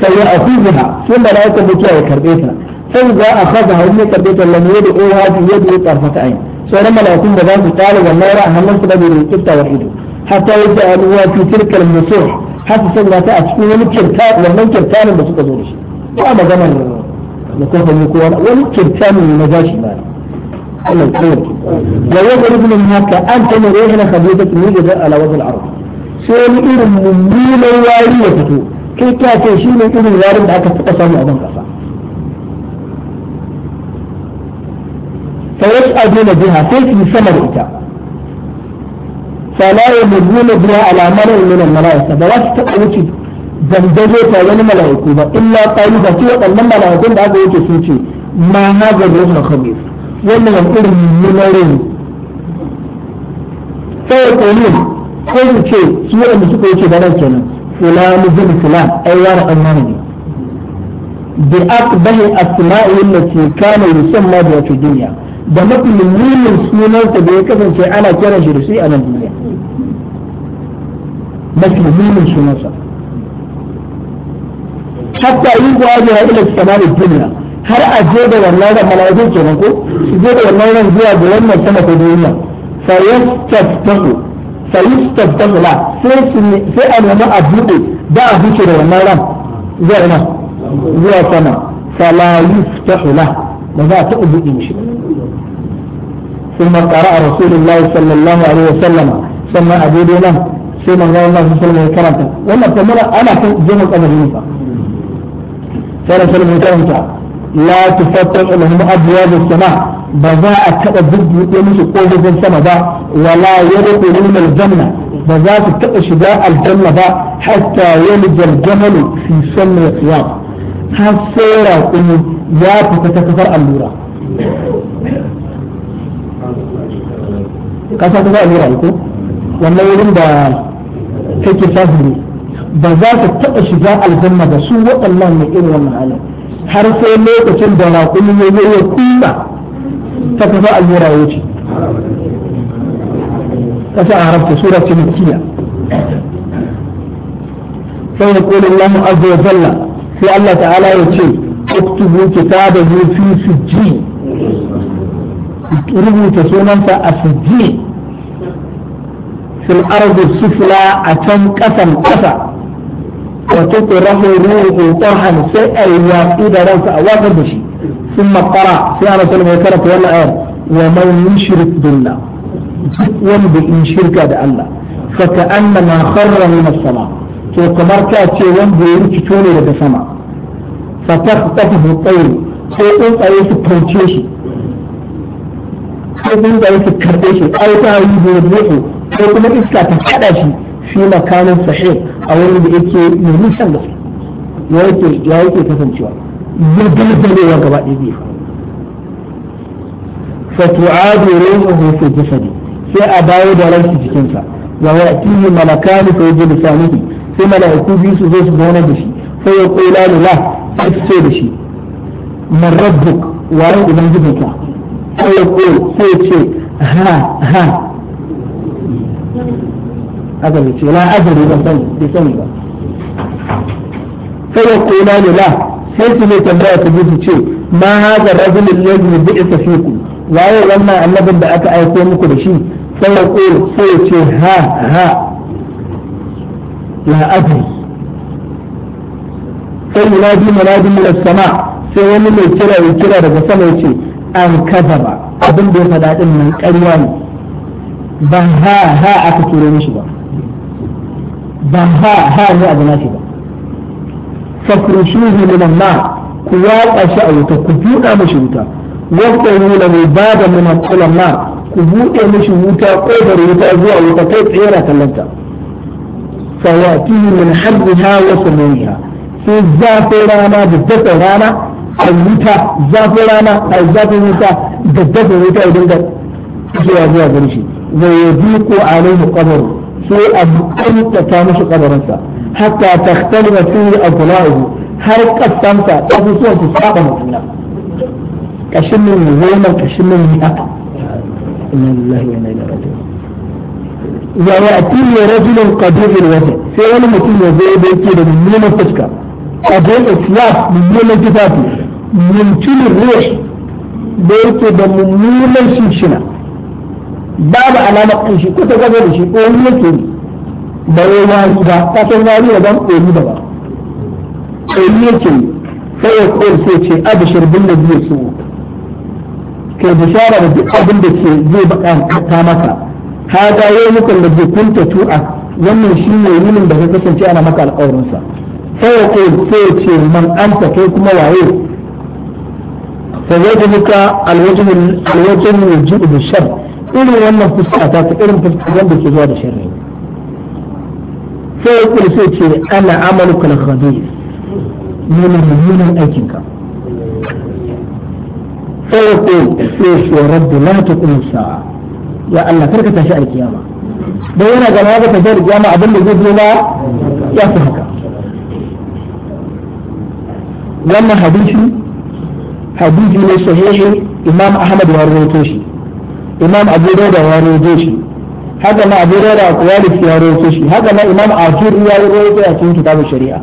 sai ya akhudha sai malaika da kiyaye karbe ta sai za a kaza har ne karbe ta lamu yadda o hadi yadda ya tarfata ayin sauran malaikun da za su tsara wannan ra'a hannun su da bai kiftawar ido hatta yaji alwa fi tilkal musur har su sanya ta a cikin wani kirta wannan kirtanin da suka zo da shi ba maganar da kuma wani kirtanin na gashi ba أنا القول ويخرج منها كأنت مريحنا خبيثة ميجد على وجه الأرض sai wani irin mummunan wari ya fito kai ka ce shi ne irin warin da aka taɓa samu a ban ƙasa faras aduna biha sai su sama da ita fala ya murmuna alamar ilmin ba za su taɓa ta wani mala'iku ba illa ƙayu ba ce waɗannan mala'ikun da aka ke sun ce ma haza da wasu khabir wannan irin mummunan rai sai ya ko mu ce su waɗanda suka wuce da ran kenan fulani bin fulan ai wani an mana ne bi aqbahi asma'i allati kana yusamma bi fi dunya da mafi mummunan sunansa da ya kasance ana kiran shi da shi a nan duniya mafi mummunan sunansa hatta yi gwaje ila da duniya har a je da wannan ran mala'iku kenan ko su je da wannan ran zuwa ga wannan sama ta duniya fa yastaftahu fa yastaftahu la sai sai a nemi a buɗe da a huce da wannan ran zuwa ina zuwa sama fa la yaftahu la ba za ta buɗe mishi ثم قرأ رسول الله صلى الله عليه وسلم ثم أبو ga wannan الله صلى الله karanta wannan كرمته ana أنا في جنة أمر يوسف صلى الله عليه وسلم كرمته لا تفتح لهم أبواب السماء بزاء كذا ضد يمشي قوة في السماء ولا يدخلون الجنة بزاء كذا شداء الجنة با حتى يلج الجمل في سن القيام حسيرا أن يا تتكفر النور kasa ta za a lura ko wannan wurin da take شداء ba za ta taɓa shiga aljanna ba su waɗannan irin wannan halin har sai lokacin da raƙumi ya zo ya kusa ta kafa allura ya wuce kasa a harafta sura ce makiya sai ya kula Allah azza wa jalla sai Allah ta'ala ya ce uktubu kitabahu fi sijjin rubuta sunanta a sijjin fil ardi sufla a can kasan kasa وتطرح روح طهن سأيوا إذا رأس أواخر بشي ثم قرأ سيارة سلم يكرت ولا آية ومن يشرك بالله ومن بإن شرك الله فكأنما خر من sama. to kamar ta ce wanda ya rikito ne daga sama fatar ta fi tsaye sai tsuntsaye su kauce shi sai tsuntsaye su karɓe shi ai ta yi da ko kuma iska ta kada shi fi makanin sahih a wurin da yake mai nisan gaske ya yake ya yake kasancewa ya dalbalewa gaba ɗaya biyu fa tu'adu ruhuhu fi jasadi sai a dawo da ransa jikinsa wa ya'tihi malakani fa yajlisanihi sai mala'iku biyu su zo su zauna da shi sai ya kula lillah sai su ce da shi man rabbuk wa ran ubangijinka sai ya ce ha ha haka ne ce la azari ban sani bai sani ba sai ya kula ne la sai su mai tambaya ta bi ce ma haka rajulun ne bi isa ku. waye wannan annabin da aka aiko muku da shi sai ya kula sai ya ce ha ha la azari sai yunadi munadi min as-sama sai wani mai kira ya kira daga sama ya ce an kaza ba. abin da ya faɗa din nan ƙarya ne ba ha ha aka turo mishi ba ba ha ha ne abu na shi ba fakrushuhu min ma ku watsa shi a wuta ku buɗa mashi wuta wasu da mai ba da minan ku buɗe mashi wuta ƙodar wuta zuwa wuta kai tsera kallanta fawatihi min harriha wa samuriha sai zafin rana da dafa rana a wuta zafin rana a zafin wuta da dafa wuta idan da zuwa zuwa gari shi zai yi ko alaihi qabaru سوء أن تتامش قدرته حتى تختلف فيه أضلاعه هل قسمت تفي سوء تصحاب مؤمنا كشم من زيما كشم من مئة إن الله وإن إلى رجل ويأتي رجل قدير الوزن سيئل مكين وزيئ بيتي من مئة فشكا أجل إسلاف من مئة جفاتي من كل الريش بيتي بمئة شمشنا babu alamar kan shi kusa gaba da shi wani yake ba ya wari ba ta san wari da ban ɗori da ba ɗori yake sai ya ko sai ce abishir bin na biyu su kai bishara da duk abin da ke zai bukata maka Ha hada yau mukan da zai kunta tu'a wannan shi ne yunin da ka kasance ana maka alƙawarinsa sai ya ko sai ya ce man anta kai kuma waye فوجهك الوجه الوجه يجيء بالشر إلى أن الفسحة تتعلم تفتح عند الزواج الشرعي فيقول سيتشير أنا عملك الخبيث من المهمة أجنك فيقول سيش ورب لا تقوم الساعة يا ألا تركة شعر القيامة بينا قال هذا تشعر القيامة أدل جزء لا يفهك لما حديث حديث من الصحيح إمام أحمد وارغوتوشي imam abu dauda ya roje shi haka ma abu dauda kuwalis ya roje shi haka ma imam ajur ya roje a cikin kitabun shari'a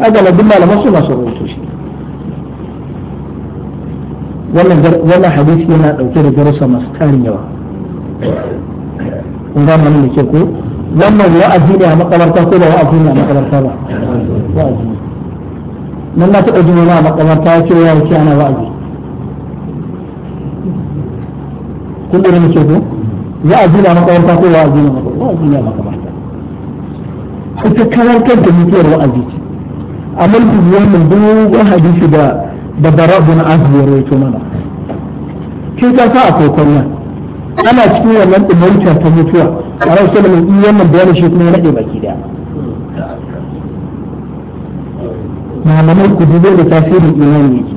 haka ma duk malaman su masu roje shi wannan wannan hadisi yana dauke da darussa masu tarin yawa kun ga mun ne ko wannan wa'azi ne a makabarta ko ba wa'azi ne a makabarta ba wa'azi nan na taɓa jin wani a makabarta ya ce wa ya ce ana wa'azi kun da nake ko za a gina makawarta ko ba a gina makawarta ba a gina makawarta ita kawar kanta mutuwar wa'azi ce amma duk wannan dogon hadisi da da bara bin azmi ya rawaito mana kin ka sa a kokon nan ana cikin wannan dimanta ta mutuwa a rasu da mai wannan bayanin shi kuma ya rage baki da malamai ku dubo da tasirin imani ne.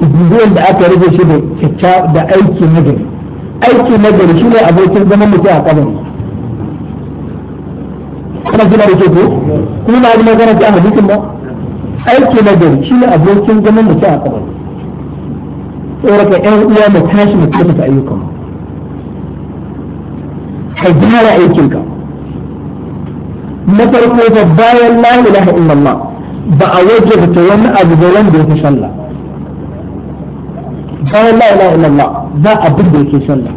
zuwan da aka rufe shi da kyakya da aiki nagari aiki nagari shi ne abokin zaman mutum a kabari kana kina da ke ko kuma na abin magana ta hadisin ba aiki na gari shi ne abokin zaman mutum a kabari tsoraka yan uwa mu tashi mu tafi ayyukan ka gyara ka. na farko ba bayan la ilaha illallah ba a ta wani abu da wanda ya fi sallah bayan la ilaha illallah ba abin da yake sallah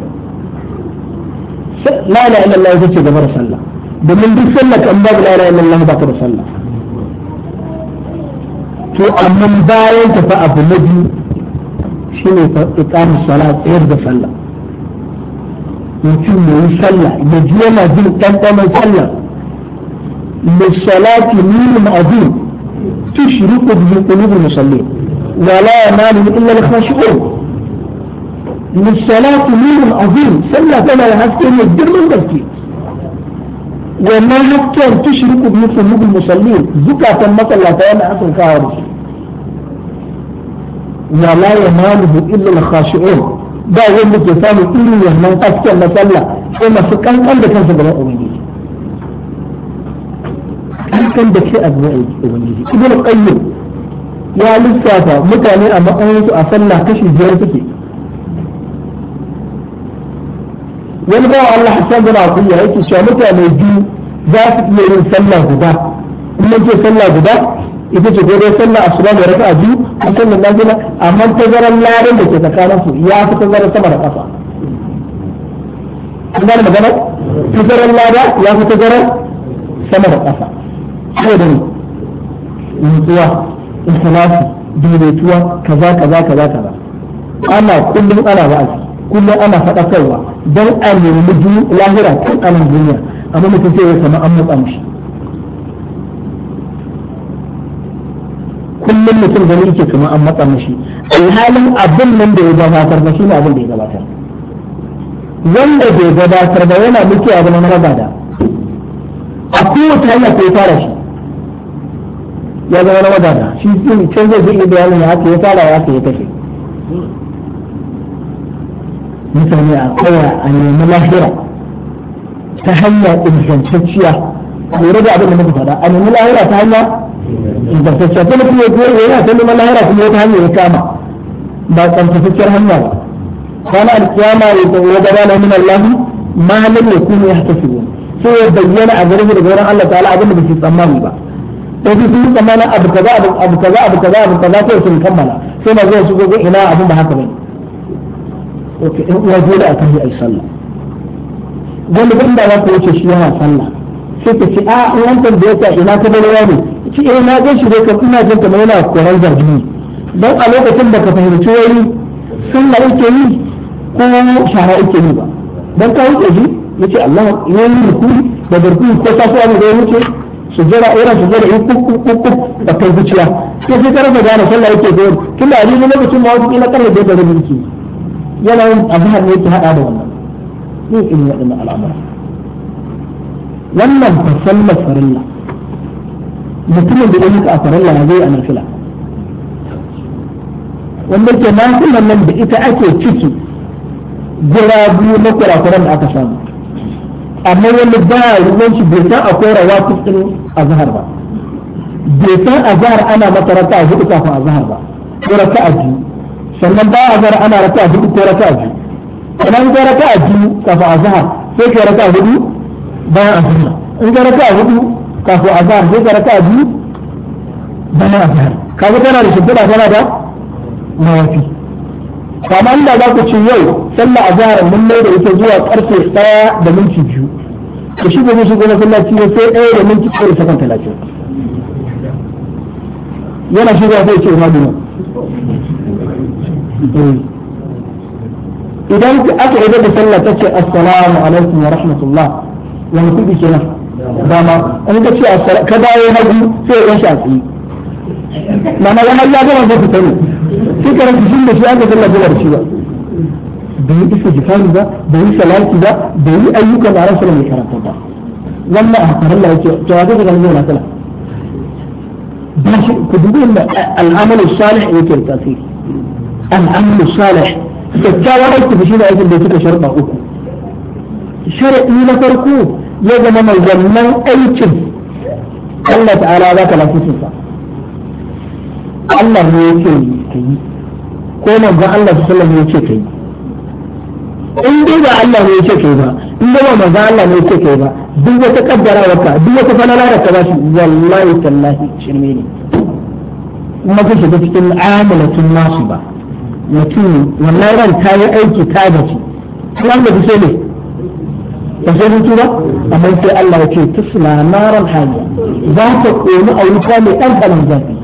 la ilaha illallah yake ce gaba da sallah domin duk sallah kan babu la ilaha illallah ba ta da sallah to amma bayan ta fa abu na biyu shine fa iqamu salat tsayar da sallah mutum ne sallah ya ji yana jin ɗanɗanon sallah lissalati min azim tushriqu bi qulubi musallin ولا ينام إلا الخاشعون للصلاة نور عظيم صلى فلا يهفتهم الدر من ذلك وما حتى تشرك به قلوب المصلين زكاة مثلا فأنا أصل كهرباء ولا يماله إلا الخاشعون ba wanda ke samun من wannan hasken na sallah ko masu kankan da kansa gaban ubangiji kankan da ke a ya lissafa mutane a matsayinsu a sallah kashi biyar suke wani ba Allah Hassan bin Akuya yake cewa mutane biyu za su iya yin sallah guda in mun ce sallah guda ita ce dai sallah asuba da raka'a biyu ko sallah nafila amma tazaran larin da ke tsakanin su ya fi tazaran sama da ƙasa an gane magana tazaran lada ya fi tazaran sama da ƙasa sai da nutsuwa ikhlasu daidaituwa kaza kaza kaza kaza ana kullum ana wa'azi kullum ana faɗakarwa don a nemi lahira kan anan duniya amma mutum sai ya sama an matsa mushi kullum mutum gani yake kuma an matsa mushi alhalin abin nan da ya gabatar ba shine abin da ya gabatar wanda bai gabatar ba yana mutuwa zama na raba da a kowace hanya ko ya fara shi ya zama na wadata shi din can zai iya bayanin ya haka ya fara ya haka ya kashe mutane a kowa a nemi lahira ta hanya ingantacciya lura da abin da muka faɗa a nemi lahira ta hanya ingantacciya ta mutum ya goyi yana ta neman lahira kuma wata hanya ya kama ba tsantacciyar hanya ba kana alkiyama ya gabana min Allah ma lam yakunu yahtasibun sai ya bayyana a gare shi daga wurin Allah ta'ala abin da bai tsammani ba sai su sun tsammanin abu kaza abu kaza abu kaza abu kaza sai sun kammala sai na zuwa su gogo ina abin ba haka bane okay in uwa dole a tafi ai sallah wanda ban da za ku wuce shi yana sallah sai ka ce a wancan da ya sa ina ka bane wani ci eh na gan shi dai kan ina jin kamar yana koran zargi don a lokacin da ka fahimci wani sallah yake yi ko shara yake yi ba dan ka wuce shi ya ce Allah ya yi rukuni da barkuni ko tasowa ne da ya wuce Su jira irin su sujjada in kukkuk da kai zuciya sai sai ka rasa gane sallah yake da tunda a rini lokacin ma wajen kila karfe da da miki yana yin azhar ne yake haɗa da wannan ne in wadannan al'amura wannan fa sallar farilla mutumin da ya haka a farilla ya zai a nafila wanda ke nafilan nan da ita ake ciki gura biyu na kurakuran da aka samu amma wani ba ruwan shi bai san akwai wa cikin azhar ba bai san azhar ana mata raka a hudu kafin azhar ba ko raka a biyu sannan ba azhar ana raka a hudu ko raka a biyu sannan ga raka a biyu kafin azhar sai ka raka a hudu bayan azhar in ga raka a hudu kafin azhar sai ka raka a biyu bayan azhar kaga tana da shimfiɗa tana da mawafi kamar da za ku ce yau sallah a jihar mun mai da ita zuwa karfe daya da minti biyu ku shigo shi shigo sallah ne sai ɗaya da minti ɗaya da sakan talatin yana shi zai ce ma dinu eh. idan aka yi da sallah ta ce assalamu alaikum wa rahmatullah wani ke kenan dama in ka ce ka dawo hagu biyu sai ya ɗan shafi ma'ana wani ya gama zai fita ne sai ka rasa shin da shi aka sallah ko da shi ba bai yi istighfari ba bai yi salati ba bai yi ayyukan da rasul mai karanta ba wannan a farilla yake to ya ga ganin na sallah ba shi ku dubi inda al'amalu salih yake da tasiri al'amalu salih kyakkyawan aiki shi ne aikin da suka sharba uku sharaɗi na farko ya zama mai wannan aikin Allah ta'ala za ka lafi Allah ne yake yi ka yi ko manzo Allah sallallahu alaihi ya ce ka yi in dai ba Allah ne ya ce ka yi ba in dai ba manzo Allah ne ya ce ka yi ba duk wata kaddara ka duk wata falala da ka bashi wallahi tallahi shirme ne kuma ka shiga cikin amalatun nasu ba mutum wallahi ran ta yi aiki ta gaci kuma da kusa ne ba sai mutu ba amma sai Allah ya ce tusla naran hanya za ta koyi a wuta mai ɗan zafi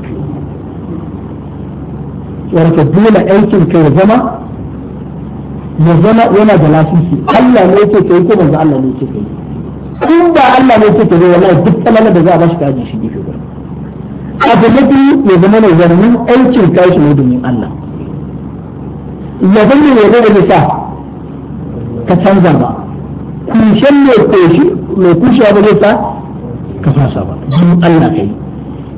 warka dole aikin ka ya zama ya zama yana da lasisi Allah ne yake kai ko manzo Allah ne yake kai in ba Allah ne yake kai wallahi duk kalalar da za a bashi kaji shi gefe gurin abu ne biyu ya zama ne zarmin aikin kai shi ne domin Allah ya zama ne ne zama sa ka canza ba kushen mai koshi mai kushewa ba zai sa ka fasa ba domin Allah kai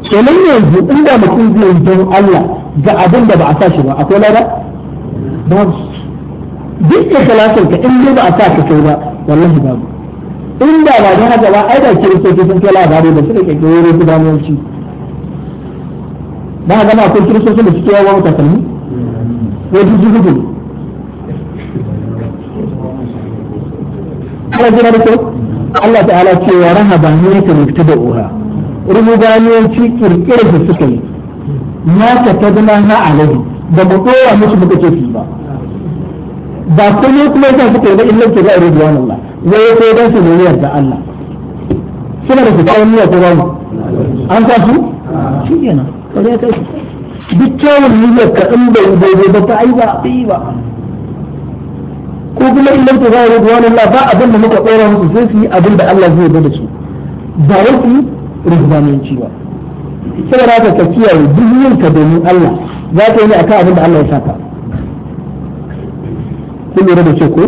kenan yanzu inda mutum zai don Allah ga abin da ba a sa shi ba akwai lada babu duk da kalasin ka in dai ba a sa ka kai ba wallahi babu in da ba da haka ba ai da kiristoci sun kai labari da suka kekkere su damuwarci ba a gama akwai kiristoci da suke yawon takalmi ko jiji gudu Allah jina da Allah ta'ala ce wa rahaba ne ta mutu da uha rubuganiyanci kirkirar da suka yi ma ta tabna ha alaihi da mu dora musu muka ce su ba ba kuma kuma yasa suka yi da illan ke ga wani Allah wai ko dan su ne da Allah suna da fitawen niyya ko ba mu an ta su shi kenan kare kai duk kyawun niyyar ka in bai bai bai ba ta yi ba ta yi ba ko kuma illan ke ga wani Allah ba abin da muka dora musu sai su yi abin da Allah zai yi da su ba wai su ridwananci ba Sai haka ka kiyaye duk yin ka domin Allah za ka yi ne akan abin da Allah ya saka kun lura da ce ko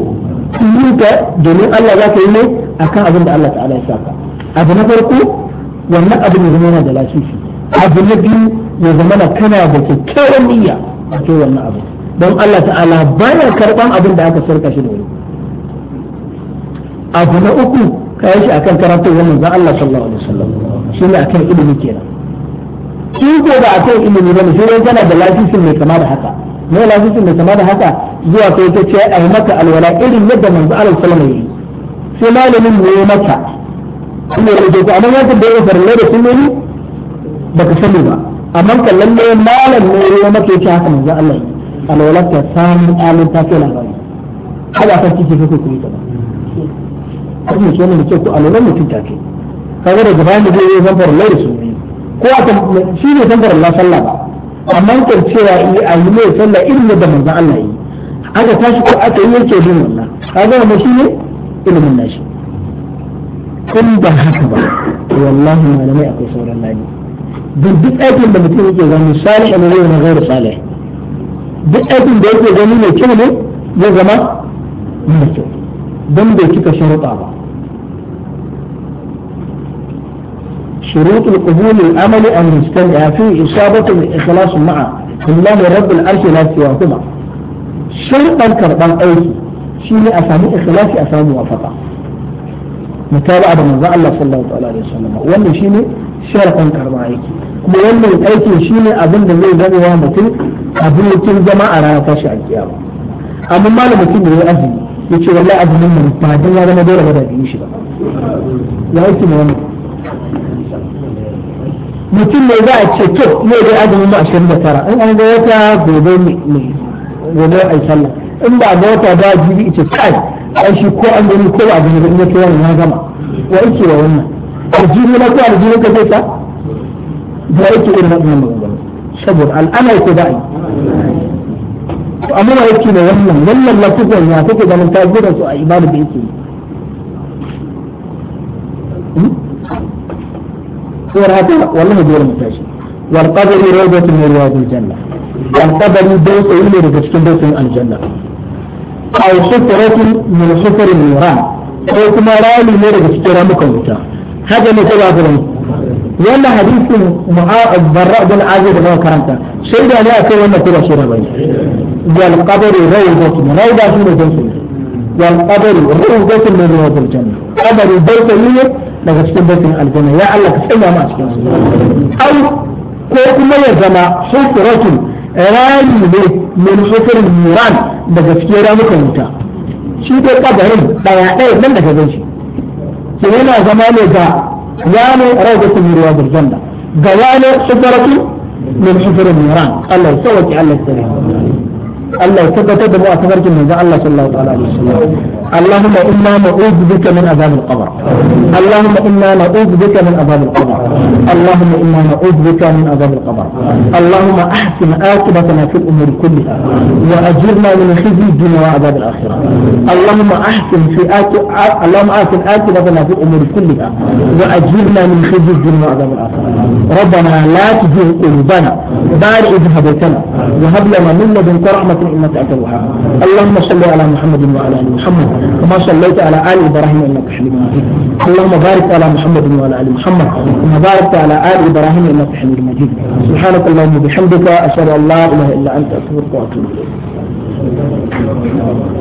yin ka domin Allah za ka yi ne akan abin da Allah ta'ala ya saka abu na farko wannan abu ya zama yana da lasisi abu na biyu ya zama na kana da kyakkyawan niyya a kai wannan abu don Allah ta'ala baya karban abin da aka sarka shi da wani abu na uku ka yi shi akan karantar wannan zan Allah sallallahu alaihi wasallam shi ne akan ilimi kenan in ko ba a kai ilimi ba ne sai kana da lasisin mai kama da haka mai lasisin mai kama da haka zuwa kai ta ce ai maka alwala irin yadda manzo Allah sallallahu alaihi sai malamin mu ya maka kuma ya ce amma ya tabbata farle da sunnoni baka sani ba amma kan lalle malam ne ya maka yace haka manzo Allah alwala ta samu alin ta kai labari kada ka kike kake kuma ta ba kuma shi ne ce ko alwala mutunta ke. kaga da gaba ne zai zan farle da ne ko a shi ne tambar Allah sallah ba amma kan cewa eh, a yi mai sallah irin da manzon Allah yi aka tashi ko aka yi yake bin wannan kaga mu shi ne ilimin nashi kun ba haka ba wallahi malamai akwai sauran ladi duk duk aikin da mutum yake gani salih ne zai na da salih duk aikin da yake gani mai kyau ne ya zama mai kyau don bai kika sharuɗa ba شروط القبول الامل ان يستمع في اصابه الاخلاص مع الله رب العرش لا سواهما شرطا كربا اوفي شيل اسامي اخلاصي اسامي موافقه متابعة من رضا الله صلى الله عليه وسلم وانا شيل شرطا كربا ايكي كما وانا ايكي شيل اظن ان يجب ان يوام اظن يتم جماعة على نتاشي على الكيام اما ما لم يتم يو ازمي يتشغل لا ازمي من التعدين هذا ما دوره بدا يجيش لا ايكي موامي mutum ne za a ce to yau dai azumin mu ashirin da tara in an ga wata gobe ne gobe a sallah in ba ga wata ba jibi ce kai ai shi ko an gani ko ba gani ba in ya kai wannan gama wa yake wa wannan aljihu na ko aljihu ka zai ta da yake irin wannan magana saboda al'amari ko da'i to amma yake da wannan wannan lafiyar ya kuke ganin ta gudan su a ibada da yake yi صور هذا والله دول متاجه والقبر روضة من رياض الجنة والقبر دوس إلي رجتكم دوس الجنة أو حفرة من حفر النيران أو كما رأي لي رجتكم رامكم هذا ما تبع يلا حديث معاذ براء بن عزيز الله كرمتا شيء لا يكون ولا كل شيء بين والقبر روضة روضة من الجنة والقبر روضة من رياض الجنة قبر بيت لي daga cikin baitin aljanna ya Allah ka sanya mu a cikin su au ko kuma ya zama hukuratun rami ne min hukurin muran daga cikin ramukan wuta shi dai kabarin daya daya nan daga gan shi ke yana zama ne ga wani rawdatun ruwa birjanna ga wani hukuratun min hukurin muran Allah ya sauke Allah ya tsare Allah ya tabbatar da mu a tafarkin manzon Allah sallallahu alaihi wasallam اللهم إنا نعوذ بك من عذاب القبر اللهم إنا نعوذ بك من عذاب القبر اللهم إنا نعوذ بك من عذاب القبر اللهم أحسن عاقبتنا في الأمور كلها وأجرنا من خزي الدنيا وعذاب الآخرة اللهم أحسن في اللهم أحسن عاقبتنا في الأمور كلها وأجرنا من خزي الدنيا وعذاب الآخرة ربنا لا تزغ قلوبنا بعد إذ هديتنا وهب لنا من لدنك رحمة إنك أنت الوهاب اللهم صل على محمد وعلى آل محمد كما صليت على آل إبراهيم إنك حميد مجيد اللهم بارك على محمد وعلى آل محمد كما باركت على آل إبراهيم إنك حميد مجيد سبحانك اللهم وبحمدك أشهد أن لا إله إلا أنت أستغفرك وأتوب إليك